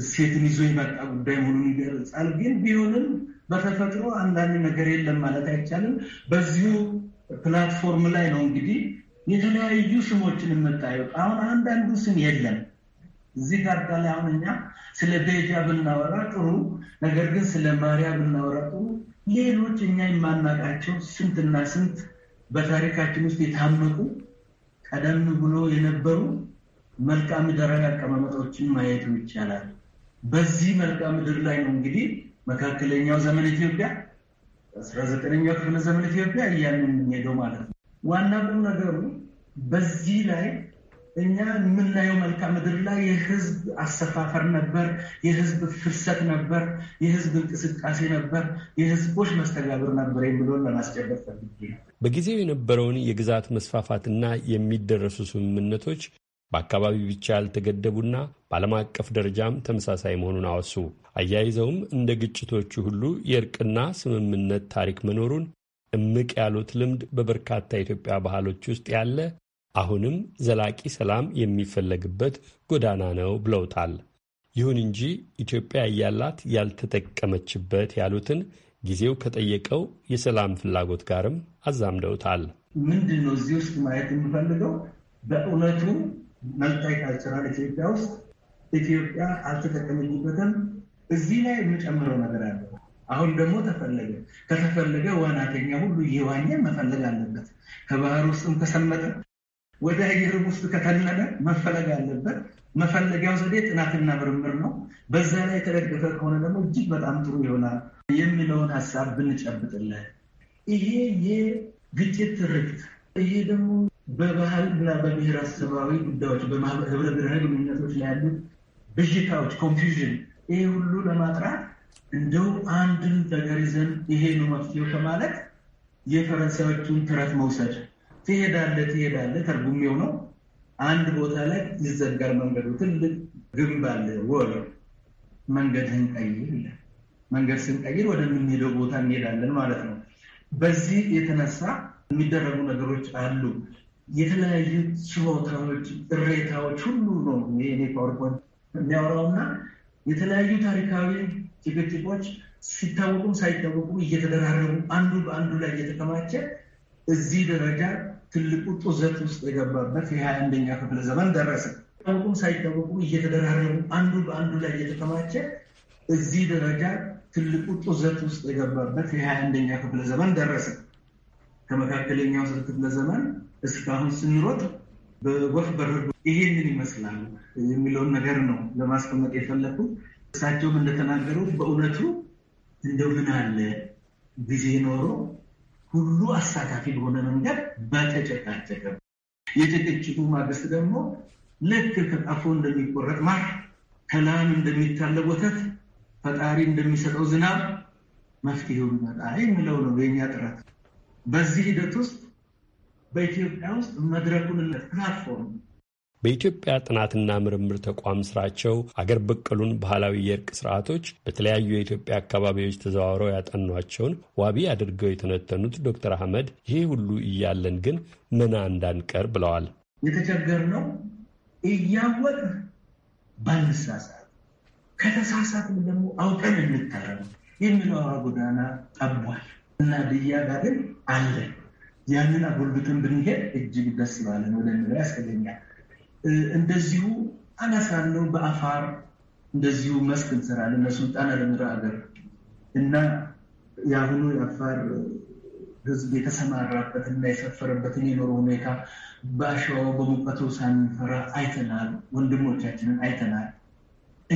Speaker 5: እሴትን ይዞ የመጣ ጉዳይ መሆኑን ይገልጻል። ግን ቢሆንም በተፈጥሮ አንዳንድ ነገር የለም ማለት አይቻልም። በዚሁ ፕላትፎርም ላይ ነው እንግዲህ የተለያዩ ስሞችን የምታየው። አሁን አንዳንዱ ስም የለም እዚህ ጋር ላይ አሁን እኛ ስለ ቤጃ ብናወራ ጥሩ፣ ነገር ግን ስለ ማሪያ ብናወራ ጥሩ፣ ሌሎች እኛ የማናቃቸው ስንትና ስንት በታሪካችን ውስጥ የታመቁ ቀደም ብሎ የነበሩ መልክዓ ምድራዊ አቀማመጦችን ማየቱ ይቻላል። በዚህ መልክዓ ምድር ላይ ነው እንግዲህ መካከለኛው ዘመን ኢትዮጵያ፣ አስራ ዘጠነኛው ክፍለ ዘመን ኢትዮጵያ እያንን የምንሄደው ማለት ነው። ዋና ቁም ነገሩ በዚህ ላይ እኛ የምናየው መልካም ምድር ላይ የህዝብ አሰፋፈር ነበር፣ የህዝብ ፍሰት ነበር፣ የህዝብ እንቅስቃሴ ነበር፣ የህዝቦች መስተጋብር ነበር የሚለውን ለማስጨበጥ ፈልጌ
Speaker 15: በጊዜው የነበረውን የግዛት መስፋፋትና የሚደረሱ ስምምነቶች በአካባቢ ብቻ ያልተገደቡና በዓለም አቀፍ ደረጃም ተመሳሳይ መሆኑን አወሱ። አያይዘውም እንደ ግጭቶቹ ሁሉ የእርቅና ስምምነት ታሪክ መኖሩን እምቅ ያሉት ልምድ በበርካታ የኢትዮጵያ ባህሎች ውስጥ ያለ አሁንም ዘላቂ ሰላም የሚፈለግበት ጎዳና ነው ብለውታል። ይሁን እንጂ ኢትዮጵያ እያላት ያልተጠቀመችበት ያሉትን ጊዜው ከጠየቀው የሰላም ፍላጎት ጋርም አዛምደውታል።
Speaker 5: ምንድን ነው እዚህ ውስጥ ማየት የምፈልገው በእውነቱ መልታይታል ስራል ኢትዮጵያ ውስጥ ኢትዮጵያ አልተጠቀመችበትም። እዚህ ላይ የምጨምረው ነገር አለ። አሁን ደግሞ ተፈለገ። ከተፈለገ ዋናተኛ ሁሉ እየዋኘ መፈለግ አለበት። ከባህር ውስጥም ከሰመጠ ወደ አየር ውስጥ ከተለለ መፈለግ አለበት። መፈለጊያው ዘዴ ጥናትና ምርምር ነው። በዛ ላይ የተደገፈ ከሆነ ደግሞ እጅግ በጣም ጥሩ ይሆናል የሚለውን ሀሳብ ብንጨብጥለን ይሄ የግጭት ትርክት ይሄ ደግሞ በባህል እና በብሔረሰባዊ ጉዳዮች በህብረ ብሔራዊ ግንኙነቶች ላይ ያሉት ብዥታዎች፣ ኮንፊውዥን ይሄ ሁሉ ለማጥራት እንደው አንድን ነገር ይዘን ይሄ ነው መፍትሄው ከማለት የፈረንሳዮቹን ትረት መውሰድ ትሄዳለ ትሄዳለ ተርጉሜው ነው አንድ ቦታ ላይ ይዘጋል መንገዱ። ትልቅ ግንብ አለ ወር መንገድህን ቀይር ይላል። መንገድ ስንቀይር ወደምንሄደው ቦታ እንሄዳለን ማለት ነው። በዚህ የተነሳ የሚደረጉ ነገሮች አሉ። የተለያዩ ችሎታዎች፣ እሬታዎች ሁሉ ነው የኔ ፓወርፖይንት የሚያወራው እና የተለያዩ ታሪካዊ ጭቅጭቆች ሲታወቁም ሳይታወቁም እየተደራረቡ አንዱ በአንዱ ላይ እየተከማቸ እዚህ ደረጃ ትልቁ ጡዘት ውስጥ የገባበት የሀያ አንደኛ ክፍለ ዘመን ደረሰ። ታወቁም ሳይታወቁም እየተደራረቡ አንዱ በአንዱ ላይ እየተከማቸ እዚህ ደረጃ ትልቁ ጡዘት ውስጥ የገባበት የሀያ አንደኛ ክፍለ ዘመን ደረሰ። ከመካከለኛው ክፍለ ዘመን እስካሁን ስንሮጥ በወፍ በረዶ ይሄንን ይመስላል የሚለውን ነገር ነው ለማስቀመጥ የፈለኩ። እሳቸውም እንደተናገሩት በእውነቱ እንደው ምን አለ ጊዜ ኖሮ ሁሉ አሳታፊ በሆነ መንገድ በተጨቃጨቀ የጭቅጭቁ ማግስት ደግሞ ልክ ከጣፎ እንደሚቆረጥ ማር ከላም እንደሚታለብ ወተት ፈጣሪ እንደሚሰጠው ዝናብ መፍትሄው ይመጣ የሚለው ነው የኛ ጥረት። በዚህ ሂደት ውስጥ በኢትዮጵያ ውስጥ መድረኩን ፕላትፎርም
Speaker 15: በኢትዮጵያ ጥናትና ምርምር ተቋም ስራቸው አገር በቀሉን ባህላዊ የእርቅ ስርዓቶች በተለያዩ የኢትዮጵያ አካባቢዎች ተዘዋውረው ያጠኗቸውን ዋቢ አድርገው የተነተኑት ዶክተር አህመድ ይሄ ሁሉ እያለን ግን መና እንዳንቀር ብለዋል።
Speaker 5: የተቸገርነው እያወቅ ባንሳሳት፣ ከተሳሳትም ደግሞ አውቀን እንታረም የሚለው ጎዳና ጠቧል እና ድያጋ ግን አለን ያንን አጎልብተን ብንሄድ እጅግ ደስ ባለን ወደ ንበ ያስገኛል። እንደዚሁ አነሳለው በአፋር እንደዚሁ መስክ እንሰራለን። ለሱልጣን አለምረ ሀገር እና የአሁኑ የአፋር ህዝብ የተሰማራበትና የሰፈረበትን የኖረ ሁኔታ በአሸዋው በሙቀቱ ሳንፈራ አይተናል። ወንድሞቻችንን አይተናል።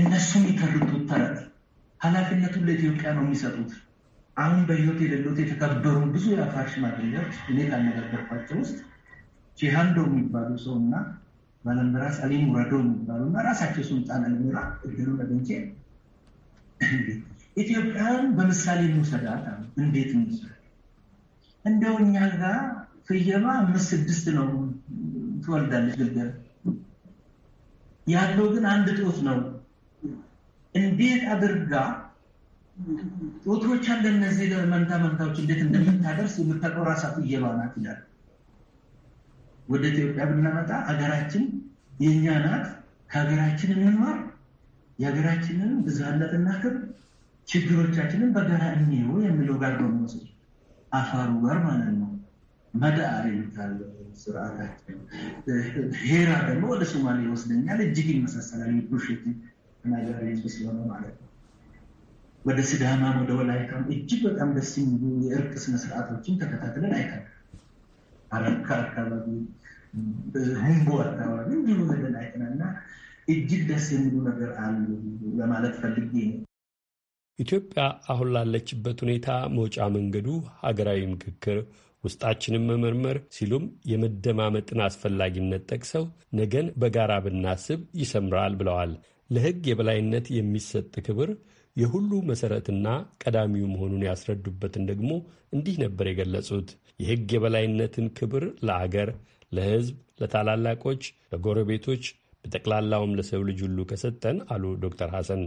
Speaker 5: እነሱም የተርቱት ተረት ኃላፊነቱን ለኢትዮጵያ ነው የሚሰጡት። አሁን በህይወት የሌሉት የተከበሩ ብዙ የአፋር ሽማግሌዎች እኔ ካነጋገርኳቸው ውስጥ ቺሃንዶ የሚባሉ ሰው እና ባለምበራስ አሊ ሙራዶ የሚባሉ እና ራሳቸው ሱልጣን አልሙራ እድሉ ለገንቼ ኢትዮጵያን በምሳሌ እንውሰዳት። እንዴት እንውሰድ? እንደው እኛ ጋ ፍየማ አምስት ስድስት ነው ትወልዳለች፣ ግልገል ያለው ግን አንድ ጦት ነው። እንዴት አድርጋ ጡቶቿ እንደነዚህ ደር መንታ መንታዎች እንዴት እንደምታደርስ የምታውቀው ራሳ ፍየሏ ናት ይላል። ወደ ኢትዮጵያ ብናመጣ ሀገራችን የእኛ ናት። ከሀገራችን እንማር፣ የሀገራችንን ብዝሃነት እናክብ፣ ችግሮቻችንን በጋራ እንየው የሚለው ጋር በመውሰድ አፋሩ ጋር ማለት ነው መዳር ይሉታል ስርዓታችን። ሄራ ደግሞ ወደ ሶማሌ ይወስደኛል። እጅግ ይመሳሰላል። ዱሸት ነገር ስለሆነ ማለት ነው ወደ ሲዳማም ወደ ወላይታም እጅግ በጣም ደስ የሚሉ የእርቅ ስነስርዓቶችን ተከታትለን አይተናል። አረካ አካባቢ፣ ሁንጎ አካባቢ እንዲሁ ሄደን አይተናል እና እጅግ ደስ የሚሉ ነገር አሉ ለማለት ፈልጌ ነው።
Speaker 15: ኢትዮጵያ አሁን ላለችበት ሁኔታ መውጫ መንገዱ ሀገራዊ ምክክር ውስጣችንን መመርመር ሲሉም የመደማመጥን አስፈላጊነት ጠቅሰው ነገን በጋራ ብናስብ ይሰምራል ብለዋል። ለሕግ የበላይነት የሚሰጥ ክብር የሁሉ መሠረትና ቀዳሚው መሆኑን ያስረዱበትን ደግሞ እንዲህ ነበር የገለጹት። የሕግ የበላይነትን ክብር ለአገር፣ ለሕዝብ፣ ለታላላቆች፣ ለጎረቤቶች፣ በጠቅላላውም ለሰው ልጅ ሁሉ ከሰጠን አሉ ዶክተር ሐሰን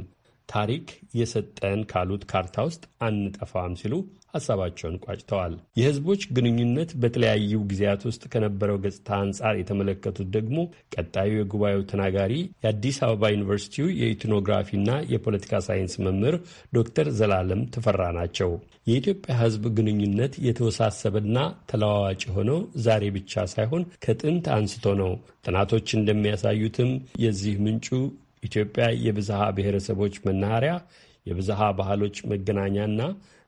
Speaker 15: ታሪክ የሰጠን ካሉት ካርታ ውስጥ አንጠፋም ሲሉ ሀሳባቸውን ቋጭተዋል። የህዝቦች ግንኙነት በተለያዩ ጊዜያት ውስጥ ከነበረው ገጽታ አንጻር የተመለከቱት ደግሞ ቀጣዩ የጉባኤው ተናጋሪ የአዲስ አበባ ዩኒቨርሲቲው የኢትኖግራፊና የፖለቲካ ሳይንስ መምህር ዶክተር ዘላለም ተፈራ ናቸው። የኢትዮጵያ ህዝብ ግንኙነት የተወሳሰበና ተለዋዋጭ የሆነው ዛሬ ብቻ ሳይሆን ከጥንት አንስቶ ነው። ጥናቶች እንደሚያሳዩትም የዚህ ምንጩ ኢትዮጵያ የብዝሃ ብሔረሰቦች መናኸሪያ፣ የብዝሃ ባህሎች መገናኛና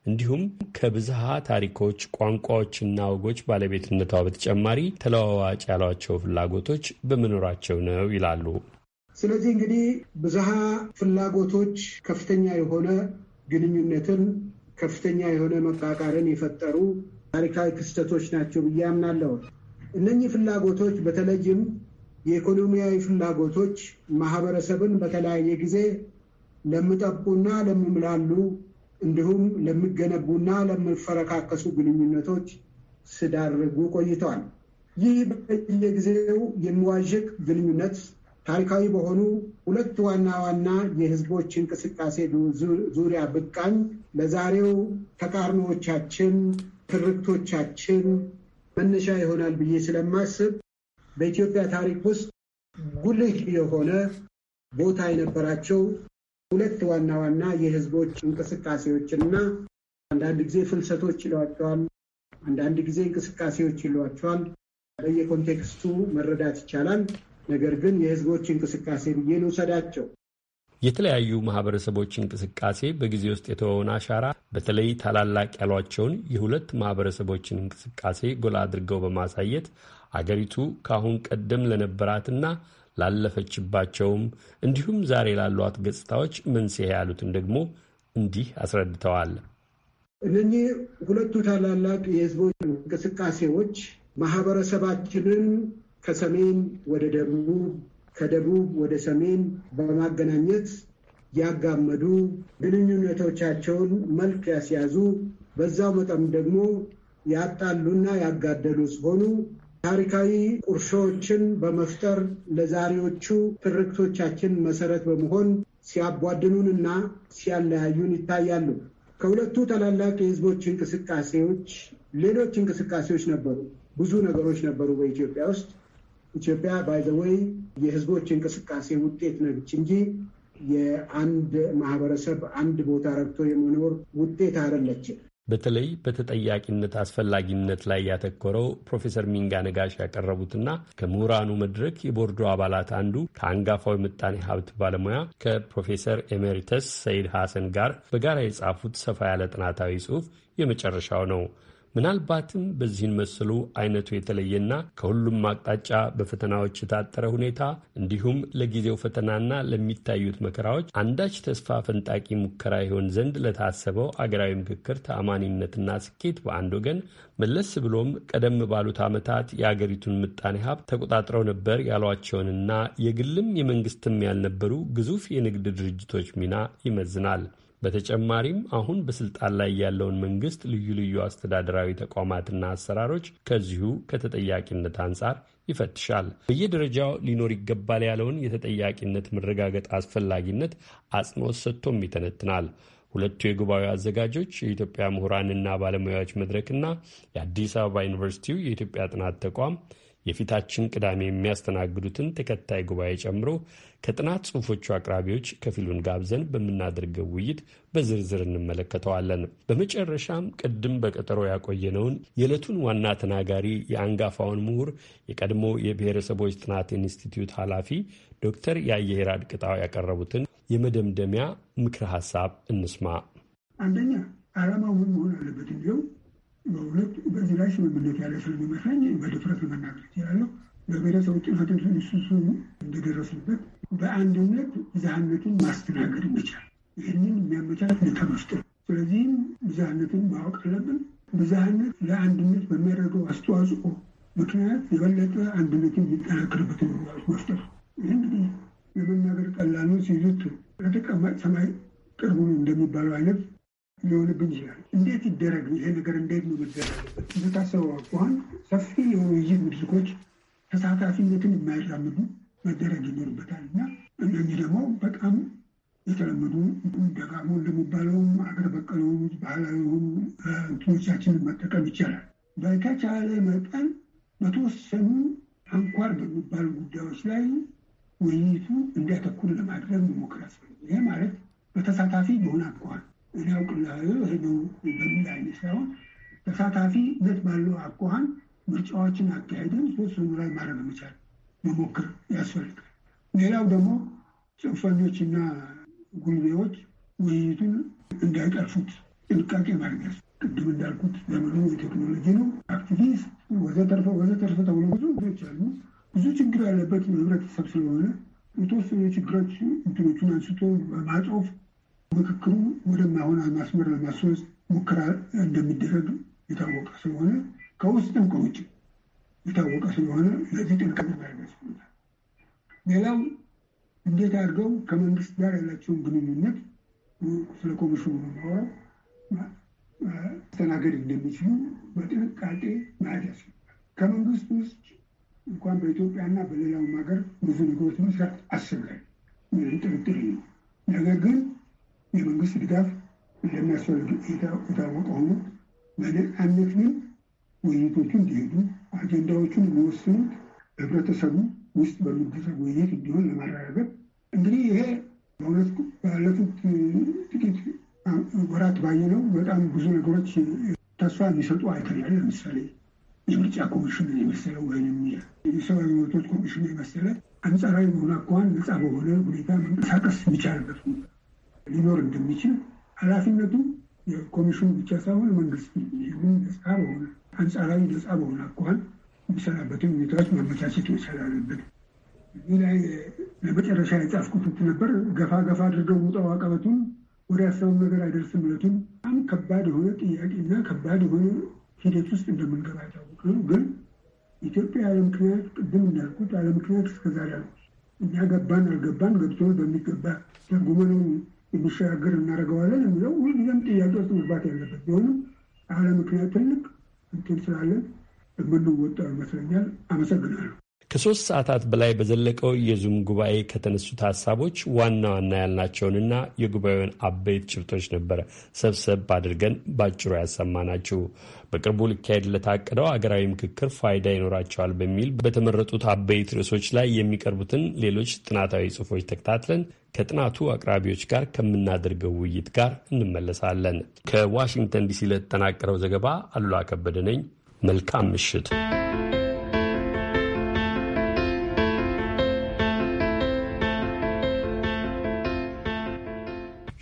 Speaker 15: እንዲሁም ከብዝሃ ታሪኮች ቋንቋዎችና ወጎች ባለቤትነቷ በተጨማሪ ተለዋዋጭ ያሏቸው ፍላጎቶች በመኖራቸው ነው ይላሉ።
Speaker 6: ስለዚህ እንግዲህ ብዝሃ ፍላጎቶች ከፍተኛ የሆነ ግንኙነትን ከፍተኛ የሆነ መቃቃርን የፈጠሩ ታሪካዊ ክስተቶች ናቸው ብዬ አምናለሁ። እነኚህ ፍላጎቶች በተለይም የኢኮኖሚያዊ ፍላጎቶች ማህበረሰብን በተለያየ ጊዜ ለሚጠቡና ለሚምላሉ እንዲሁም ለሚገነቡና ለሚፈረካከሱ ግንኙነቶች ሲዳርጉ ቆይተዋል። ይህ በየጊዜው የሚዋዥቅ ግንኙነት ታሪካዊ በሆኑ ሁለት ዋና ዋና የህዝቦች እንቅስቃሴ ዙሪያ ብቃኝ ለዛሬው ተቃርኖዎቻችን፣ ትርክቶቻችን መነሻ ይሆናል ብዬ ስለማስብ በኢትዮጵያ ታሪክ ውስጥ ጉልህ የሆነ ቦታ የነበራቸው ሁለት ዋና ዋና የህዝቦች እንቅስቃሴዎች እና አንዳንድ ጊዜ ፍልሰቶች ይሏቸዋል፣ አንዳንድ ጊዜ እንቅስቃሴዎች ይሏቸዋል። በየኮንቴክስቱ መረዳት ይቻላል። ነገር ግን የህዝቦች እንቅስቃሴ ብዬ ልውሰዳቸው።
Speaker 15: የተለያዩ ማህበረሰቦች እንቅስቃሴ በጊዜ ውስጥ የተወውን አሻራ በተለይ ታላላቅ ያሏቸውን የሁለት ማህበረሰቦችን እንቅስቃሴ ጎላ አድርገው በማሳየት አገሪቱ ከአሁን ቀደም ለነበራትና ላለፈችባቸውም እንዲሁም ዛሬ ላሏት ገጽታዎች መንስኤ ያሉትን ደግሞ እንዲህ አስረድተዋል።
Speaker 6: እነኚህ ሁለቱ ታላላቅ የህዝቦች እንቅስቃሴዎች ማህበረሰባችንን ከሰሜን ወደ ደቡብ፣ ከደቡብ ወደ ሰሜን በማገናኘት ያጋመዱ፣ ግንኙነቶቻቸውን መልክ ያስያዙ፣ በዛው መጠን ደግሞ ያጣሉና ያጋደሉ ሲሆኑ ታሪካዊ ቁርሾዎችን በመፍጠር ለዛሬዎቹ ትርክቶቻችን መሰረት በመሆን ሲያቧድኑንና ሲያለያዩን ይታያሉ። ከሁለቱ ታላላቅ የህዝቦች እንቅስቃሴዎች ሌሎች እንቅስቃሴዎች ነበሩ። ብዙ ነገሮች ነበሩ በኢትዮጵያ ውስጥ። ኢትዮጵያ ባይዘወይ የህዝቦች እንቅስቃሴ ውጤት ነች እንጂ የአንድ ማህበረሰብ አንድ ቦታ ረግቶ የመኖር ውጤት አይደለችም።
Speaker 15: በተለይ በተጠያቂነት አስፈላጊነት ላይ ያተኮረው ፕሮፌሰር ሚንጋ ነጋሽ ያቀረቡትና ከምሁራኑ መድረክ የቦርዶ አባላት አንዱ ከአንጋፋው ምጣኔ ሀብት ባለሙያ ከፕሮፌሰር ኤሜሪተስ ሰይድ ሐሰን ጋር በጋራ የጻፉት ሰፋ ያለ ጥናታዊ ጽሑፍ የመጨረሻው ነው። ምናልባትም በዚህን መሰሉ አይነቱ የተለየና ከሁሉም አቅጣጫ በፈተናዎች የታጠረ ሁኔታ እንዲሁም ለጊዜው ፈተናና ለሚታዩት መከራዎች አንዳች ተስፋ ፈንጣቂ ሙከራ ይሆን ዘንድ ለታሰበው አገራዊ ምክክር ተአማኒነትና ስኬት በአንድ ወገን፣ መለስ ብሎም ቀደም ባሉት ዓመታት የአገሪቱን ምጣኔ ሀብት ተቆጣጥረው ነበር ያሏቸውንና የግልም የመንግስትም ያልነበሩ ግዙፍ የንግድ ድርጅቶች ሚና ይመዝናል። በተጨማሪም አሁን በስልጣን ላይ ያለውን መንግስት ልዩ ልዩ አስተዳደራዊ ተቋማትና አሰራሮች ከዚሁ ከተጠያቂነት አንጻር ይፈትሻል። በየደረጃው ሊኖር ይገባል ያለውን የተጠያቂነት መረጋገጥ አስፈላጊነት አጽንኦት ሰጥቶም ይተነትናል። ሁለቱ የጉባኤው አዘጋጆች የኢትዮጵያ ምሁራንና ባለሙያዎች መድረክና የአዲስ አበባ ዩኒቨርሲቲው የኢትዮጵያ ጥናት ተቋም የፊታችን ቅዳሜ የሚያስተናግዱትን ተከታይ ጉባኤ ጨምሮ ከጥናት ጽሁፎቹ አቅራቢዎች ከፊሉን ጋብዘን በምናደርገው ውይይት በዝርዝር እንመለከተዋለን። በመጨረሻም ቅድም በቀጠሮ ያቆየነውን የዕለቱን ዋና ተናጋሪ የአንጋፋውን ምሁር የቀድሞ የብሔረሰቦች ጥናት ኢንስቲትዩት ኃላፊ ዶክተር የአየሄራድ ቅጣው ያቀረቡትን የመደምደሚያ ምክረ ሀሳብ እንስማ።
Speaker 7: አንደኛ ዓላማው ምን መሆን አለበት እንዲሁም በሁለቱ በዚህ ላይ ስምምነት ያለ ስለሚመስለኝ በድፍረት ለመናገር ይችላለሁ። ለብሔረሰቦች ፌዴሬሽን ሲሆኑ እንደደረሱበት በአንድነት ብዝሃነትን ማስተናገድ ይቻል። ይህንን የሚያመቻች ተመስጦ። ስለዚህም ብዝሃነትን ማወቅ አለብን። ብዝሃነት ለአንድነት በሚያደርገው አስተዋጽኦ ምክንያት የበለጠ አንድነትን የሚጠናከርበት መፍጠር። ይህ እንግዲህ የመናገር ቀላሉ ሲይዙት ለተቀማጭ ሰማይ ቅርቡ እንደሚባለው አይነት ሊሆንብን ይችላል። እንዴት ይደረግ? ይሄ ነገር እንዴት ነው መደረግ? እንደታሰበው አኳኋን ሰፊ የሆኑ ውይይት መድረኮች ተሳታፊነትን የማያራምዱ መደረግ ይኖርበታል እና እነዚህ ደግሞ በጣም የተለመዱ ደጋሞ እንደሚባለውም አገር በቀለውም ባህላዊ የሆኑ እንትኖቻችንን መጠቀም ይቻላል። በተቻለ መጠን በተወሰኑ አንኳር በሚባሉ ጉዳዮች ላይ ውይይቱ እንዲያተኩር ለማድረግ መሞክራት ይሄ ማለት በተሳታፊ የሆነ አኳኋን እኔ አውቅልሃለሁ ይሄ ነው በሚል አይነት ሳይሆን ተሳታፊነት ባለው አኳኋን ምርጫዎችን አካሄደን ሶስቱም ላይ ማድረግ መቻል መሞክር ያስፈልጋል። ሌላው ደግሞ ጽንፈኞችና ጉልቤዎች ውይይቱን እንዳይቀርፉት ጥንቃቄ ማድረግ ቅድም እንዳልኩት ዘመኑ የቴክኖሎጂ ነው። አክቲቪስት ወዘተርፈ ወዘተርፈ ተብሎ ብዙ ች አሉ። ብዙ ችግር ያለበት ህብረተሰብ ስለሆነ የተወሰኑ ችግሮች እንትኖቹን አንስቶ በማጽፍ ምክክሩ ወደማይሆን መስመር ለማስወዝ ሙከራ እንደሚደረግ የታወቀ ስለሆነ ከውስጥም ከውጭ የታወቀ ስለሆነ ለዚህ ጥንቃቄ ያስፈልጋል። ሌላው እንዴት አድርገው ከመንግስት ጋር ያላቸውን ግንኙነት ስለ ኮሚሽኑ ማወራ ማስተናገድ እንደሚችሉ በጥንቃቄ ማየት ያስፈልጋል። ከመንግስት ውስጥ እንኳን በኢትዮጵያና በሌላውም ሀገር ብዙ ነገሮች መስራት አስብላል ጥርጥር ነው። ነገር ግን የመንግስት ድጋፍ እንደሚያስፈልግ የታወቀ ሆኖ በነፃነት ግን ውይይቶቹ እንዲሄዱ አጀንዳዎቹን የሚወስኑት ህብረተሰቡ ውስጥ በሚደረግ ውይይት እንዲሆን ለማረጋገጥ እንግዲህ ይሄ በእውነት ባለፉት ጥቂት ወራት ባየነው በጣም ብዙ ነገሮች ተስፋ የሚሰጡ አይተናል። ለምሳሌ የምርጫ ኮሚሽን የመሰለ ወይም የሰብአዊ መብቶች ኮሚሽን የመሰለ አንጻራዊ በሆነ አኳኋን ነፃ በሆነ ሁኔታ መንቀሳቀስ የሚቻልበት ሊኖር እንደሚችል ኃላፊነቱ የኮሚሽኑ ብቻ ሳይሆን መንግስት ይሁን ነፃ በሆነ አንጻራዊ ነፃ በሆነ አኳኋን የሚሰራበትን ሁኔታዎች ማመቻቸት መቻል አለበት። እዚህ ላይ ለመጨረሻ የጻፍኩት ነበር። ገፋ ገፋ አድርገው ውጣው አቀበቱን ወደ ያሰበው ነገር አይደርስም ማለቱን በጣም ከባድ የሆነ ጥያቄና ከባድ የሆነ ሂደት ውስጥ እንደምንገባ የታወቀ ነው። ግን ኢትዮጵያ ያለ ምክንያት ቅድም እንዳልኩት ያለ ምክንያት እስከዛሬ ያለ እኛ ገባን አልገባን ገብቶ በሚገባ ተርጉመነው የሚሸጋገር እናደርገዋለን የሚለው ሁልጊዜም ጥያቄ ውስጥ መግባት ያለበት ቢሆንም ያለ ምክንያት ትልቅ እንትን ስላለን የምንወጣው ይመስለኛል። አመሰግናለሁ። ከሶስት
Speaker 15: ሰዓታት በላይ በዘለቀው የዙም ጉባኤ ከተነሱት ሀሳቦች ዋና ዋና ያልናቸውንና የጉባኤውን አበይት ጭብጦች ነበር ሰብሰብ አድርገን ባጭሩ ያሰማናችሁ። በቅርቡ ሊካሄድ ለታቀደው አገራዊ ምክክር ፋይዳ ይኖራቸዋል በሚል በተመረጡት አበይት ርዕሶች ላይ የሚቀርቡትን ሌሎች ጥናታዊ ጽሁፎች ተከታትለን ከጥናቱ አቅራቢዎች ጋር ከምናደርገው ውይይት ጋር እንመለሳለን። ከዋሽንግተን ዲሲ ለተጠናቀረው ዘገባ አሉላ ከበደ ነኝ። መልካም ምሽት።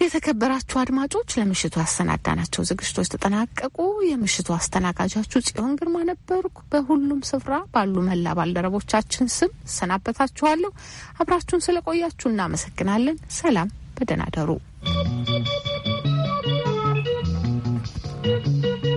Speaker 1: የተከበራችሁ አድማጮች ለምሽቱ ናቸው። ዝግጅቶች ተጠናቀቁ። የምሽቱ አስተናጋጃችሁ ጽዮን ግርማ ነበርኩ። በሁሉም ስፍራ ባሉ መላ ባልደረቦቻችን ስም እሰናበታችኋለሁ። አብራችሁን ስለቆያችሁ እናመሰግናለን። ሰላም፣ በደህና ደሩ።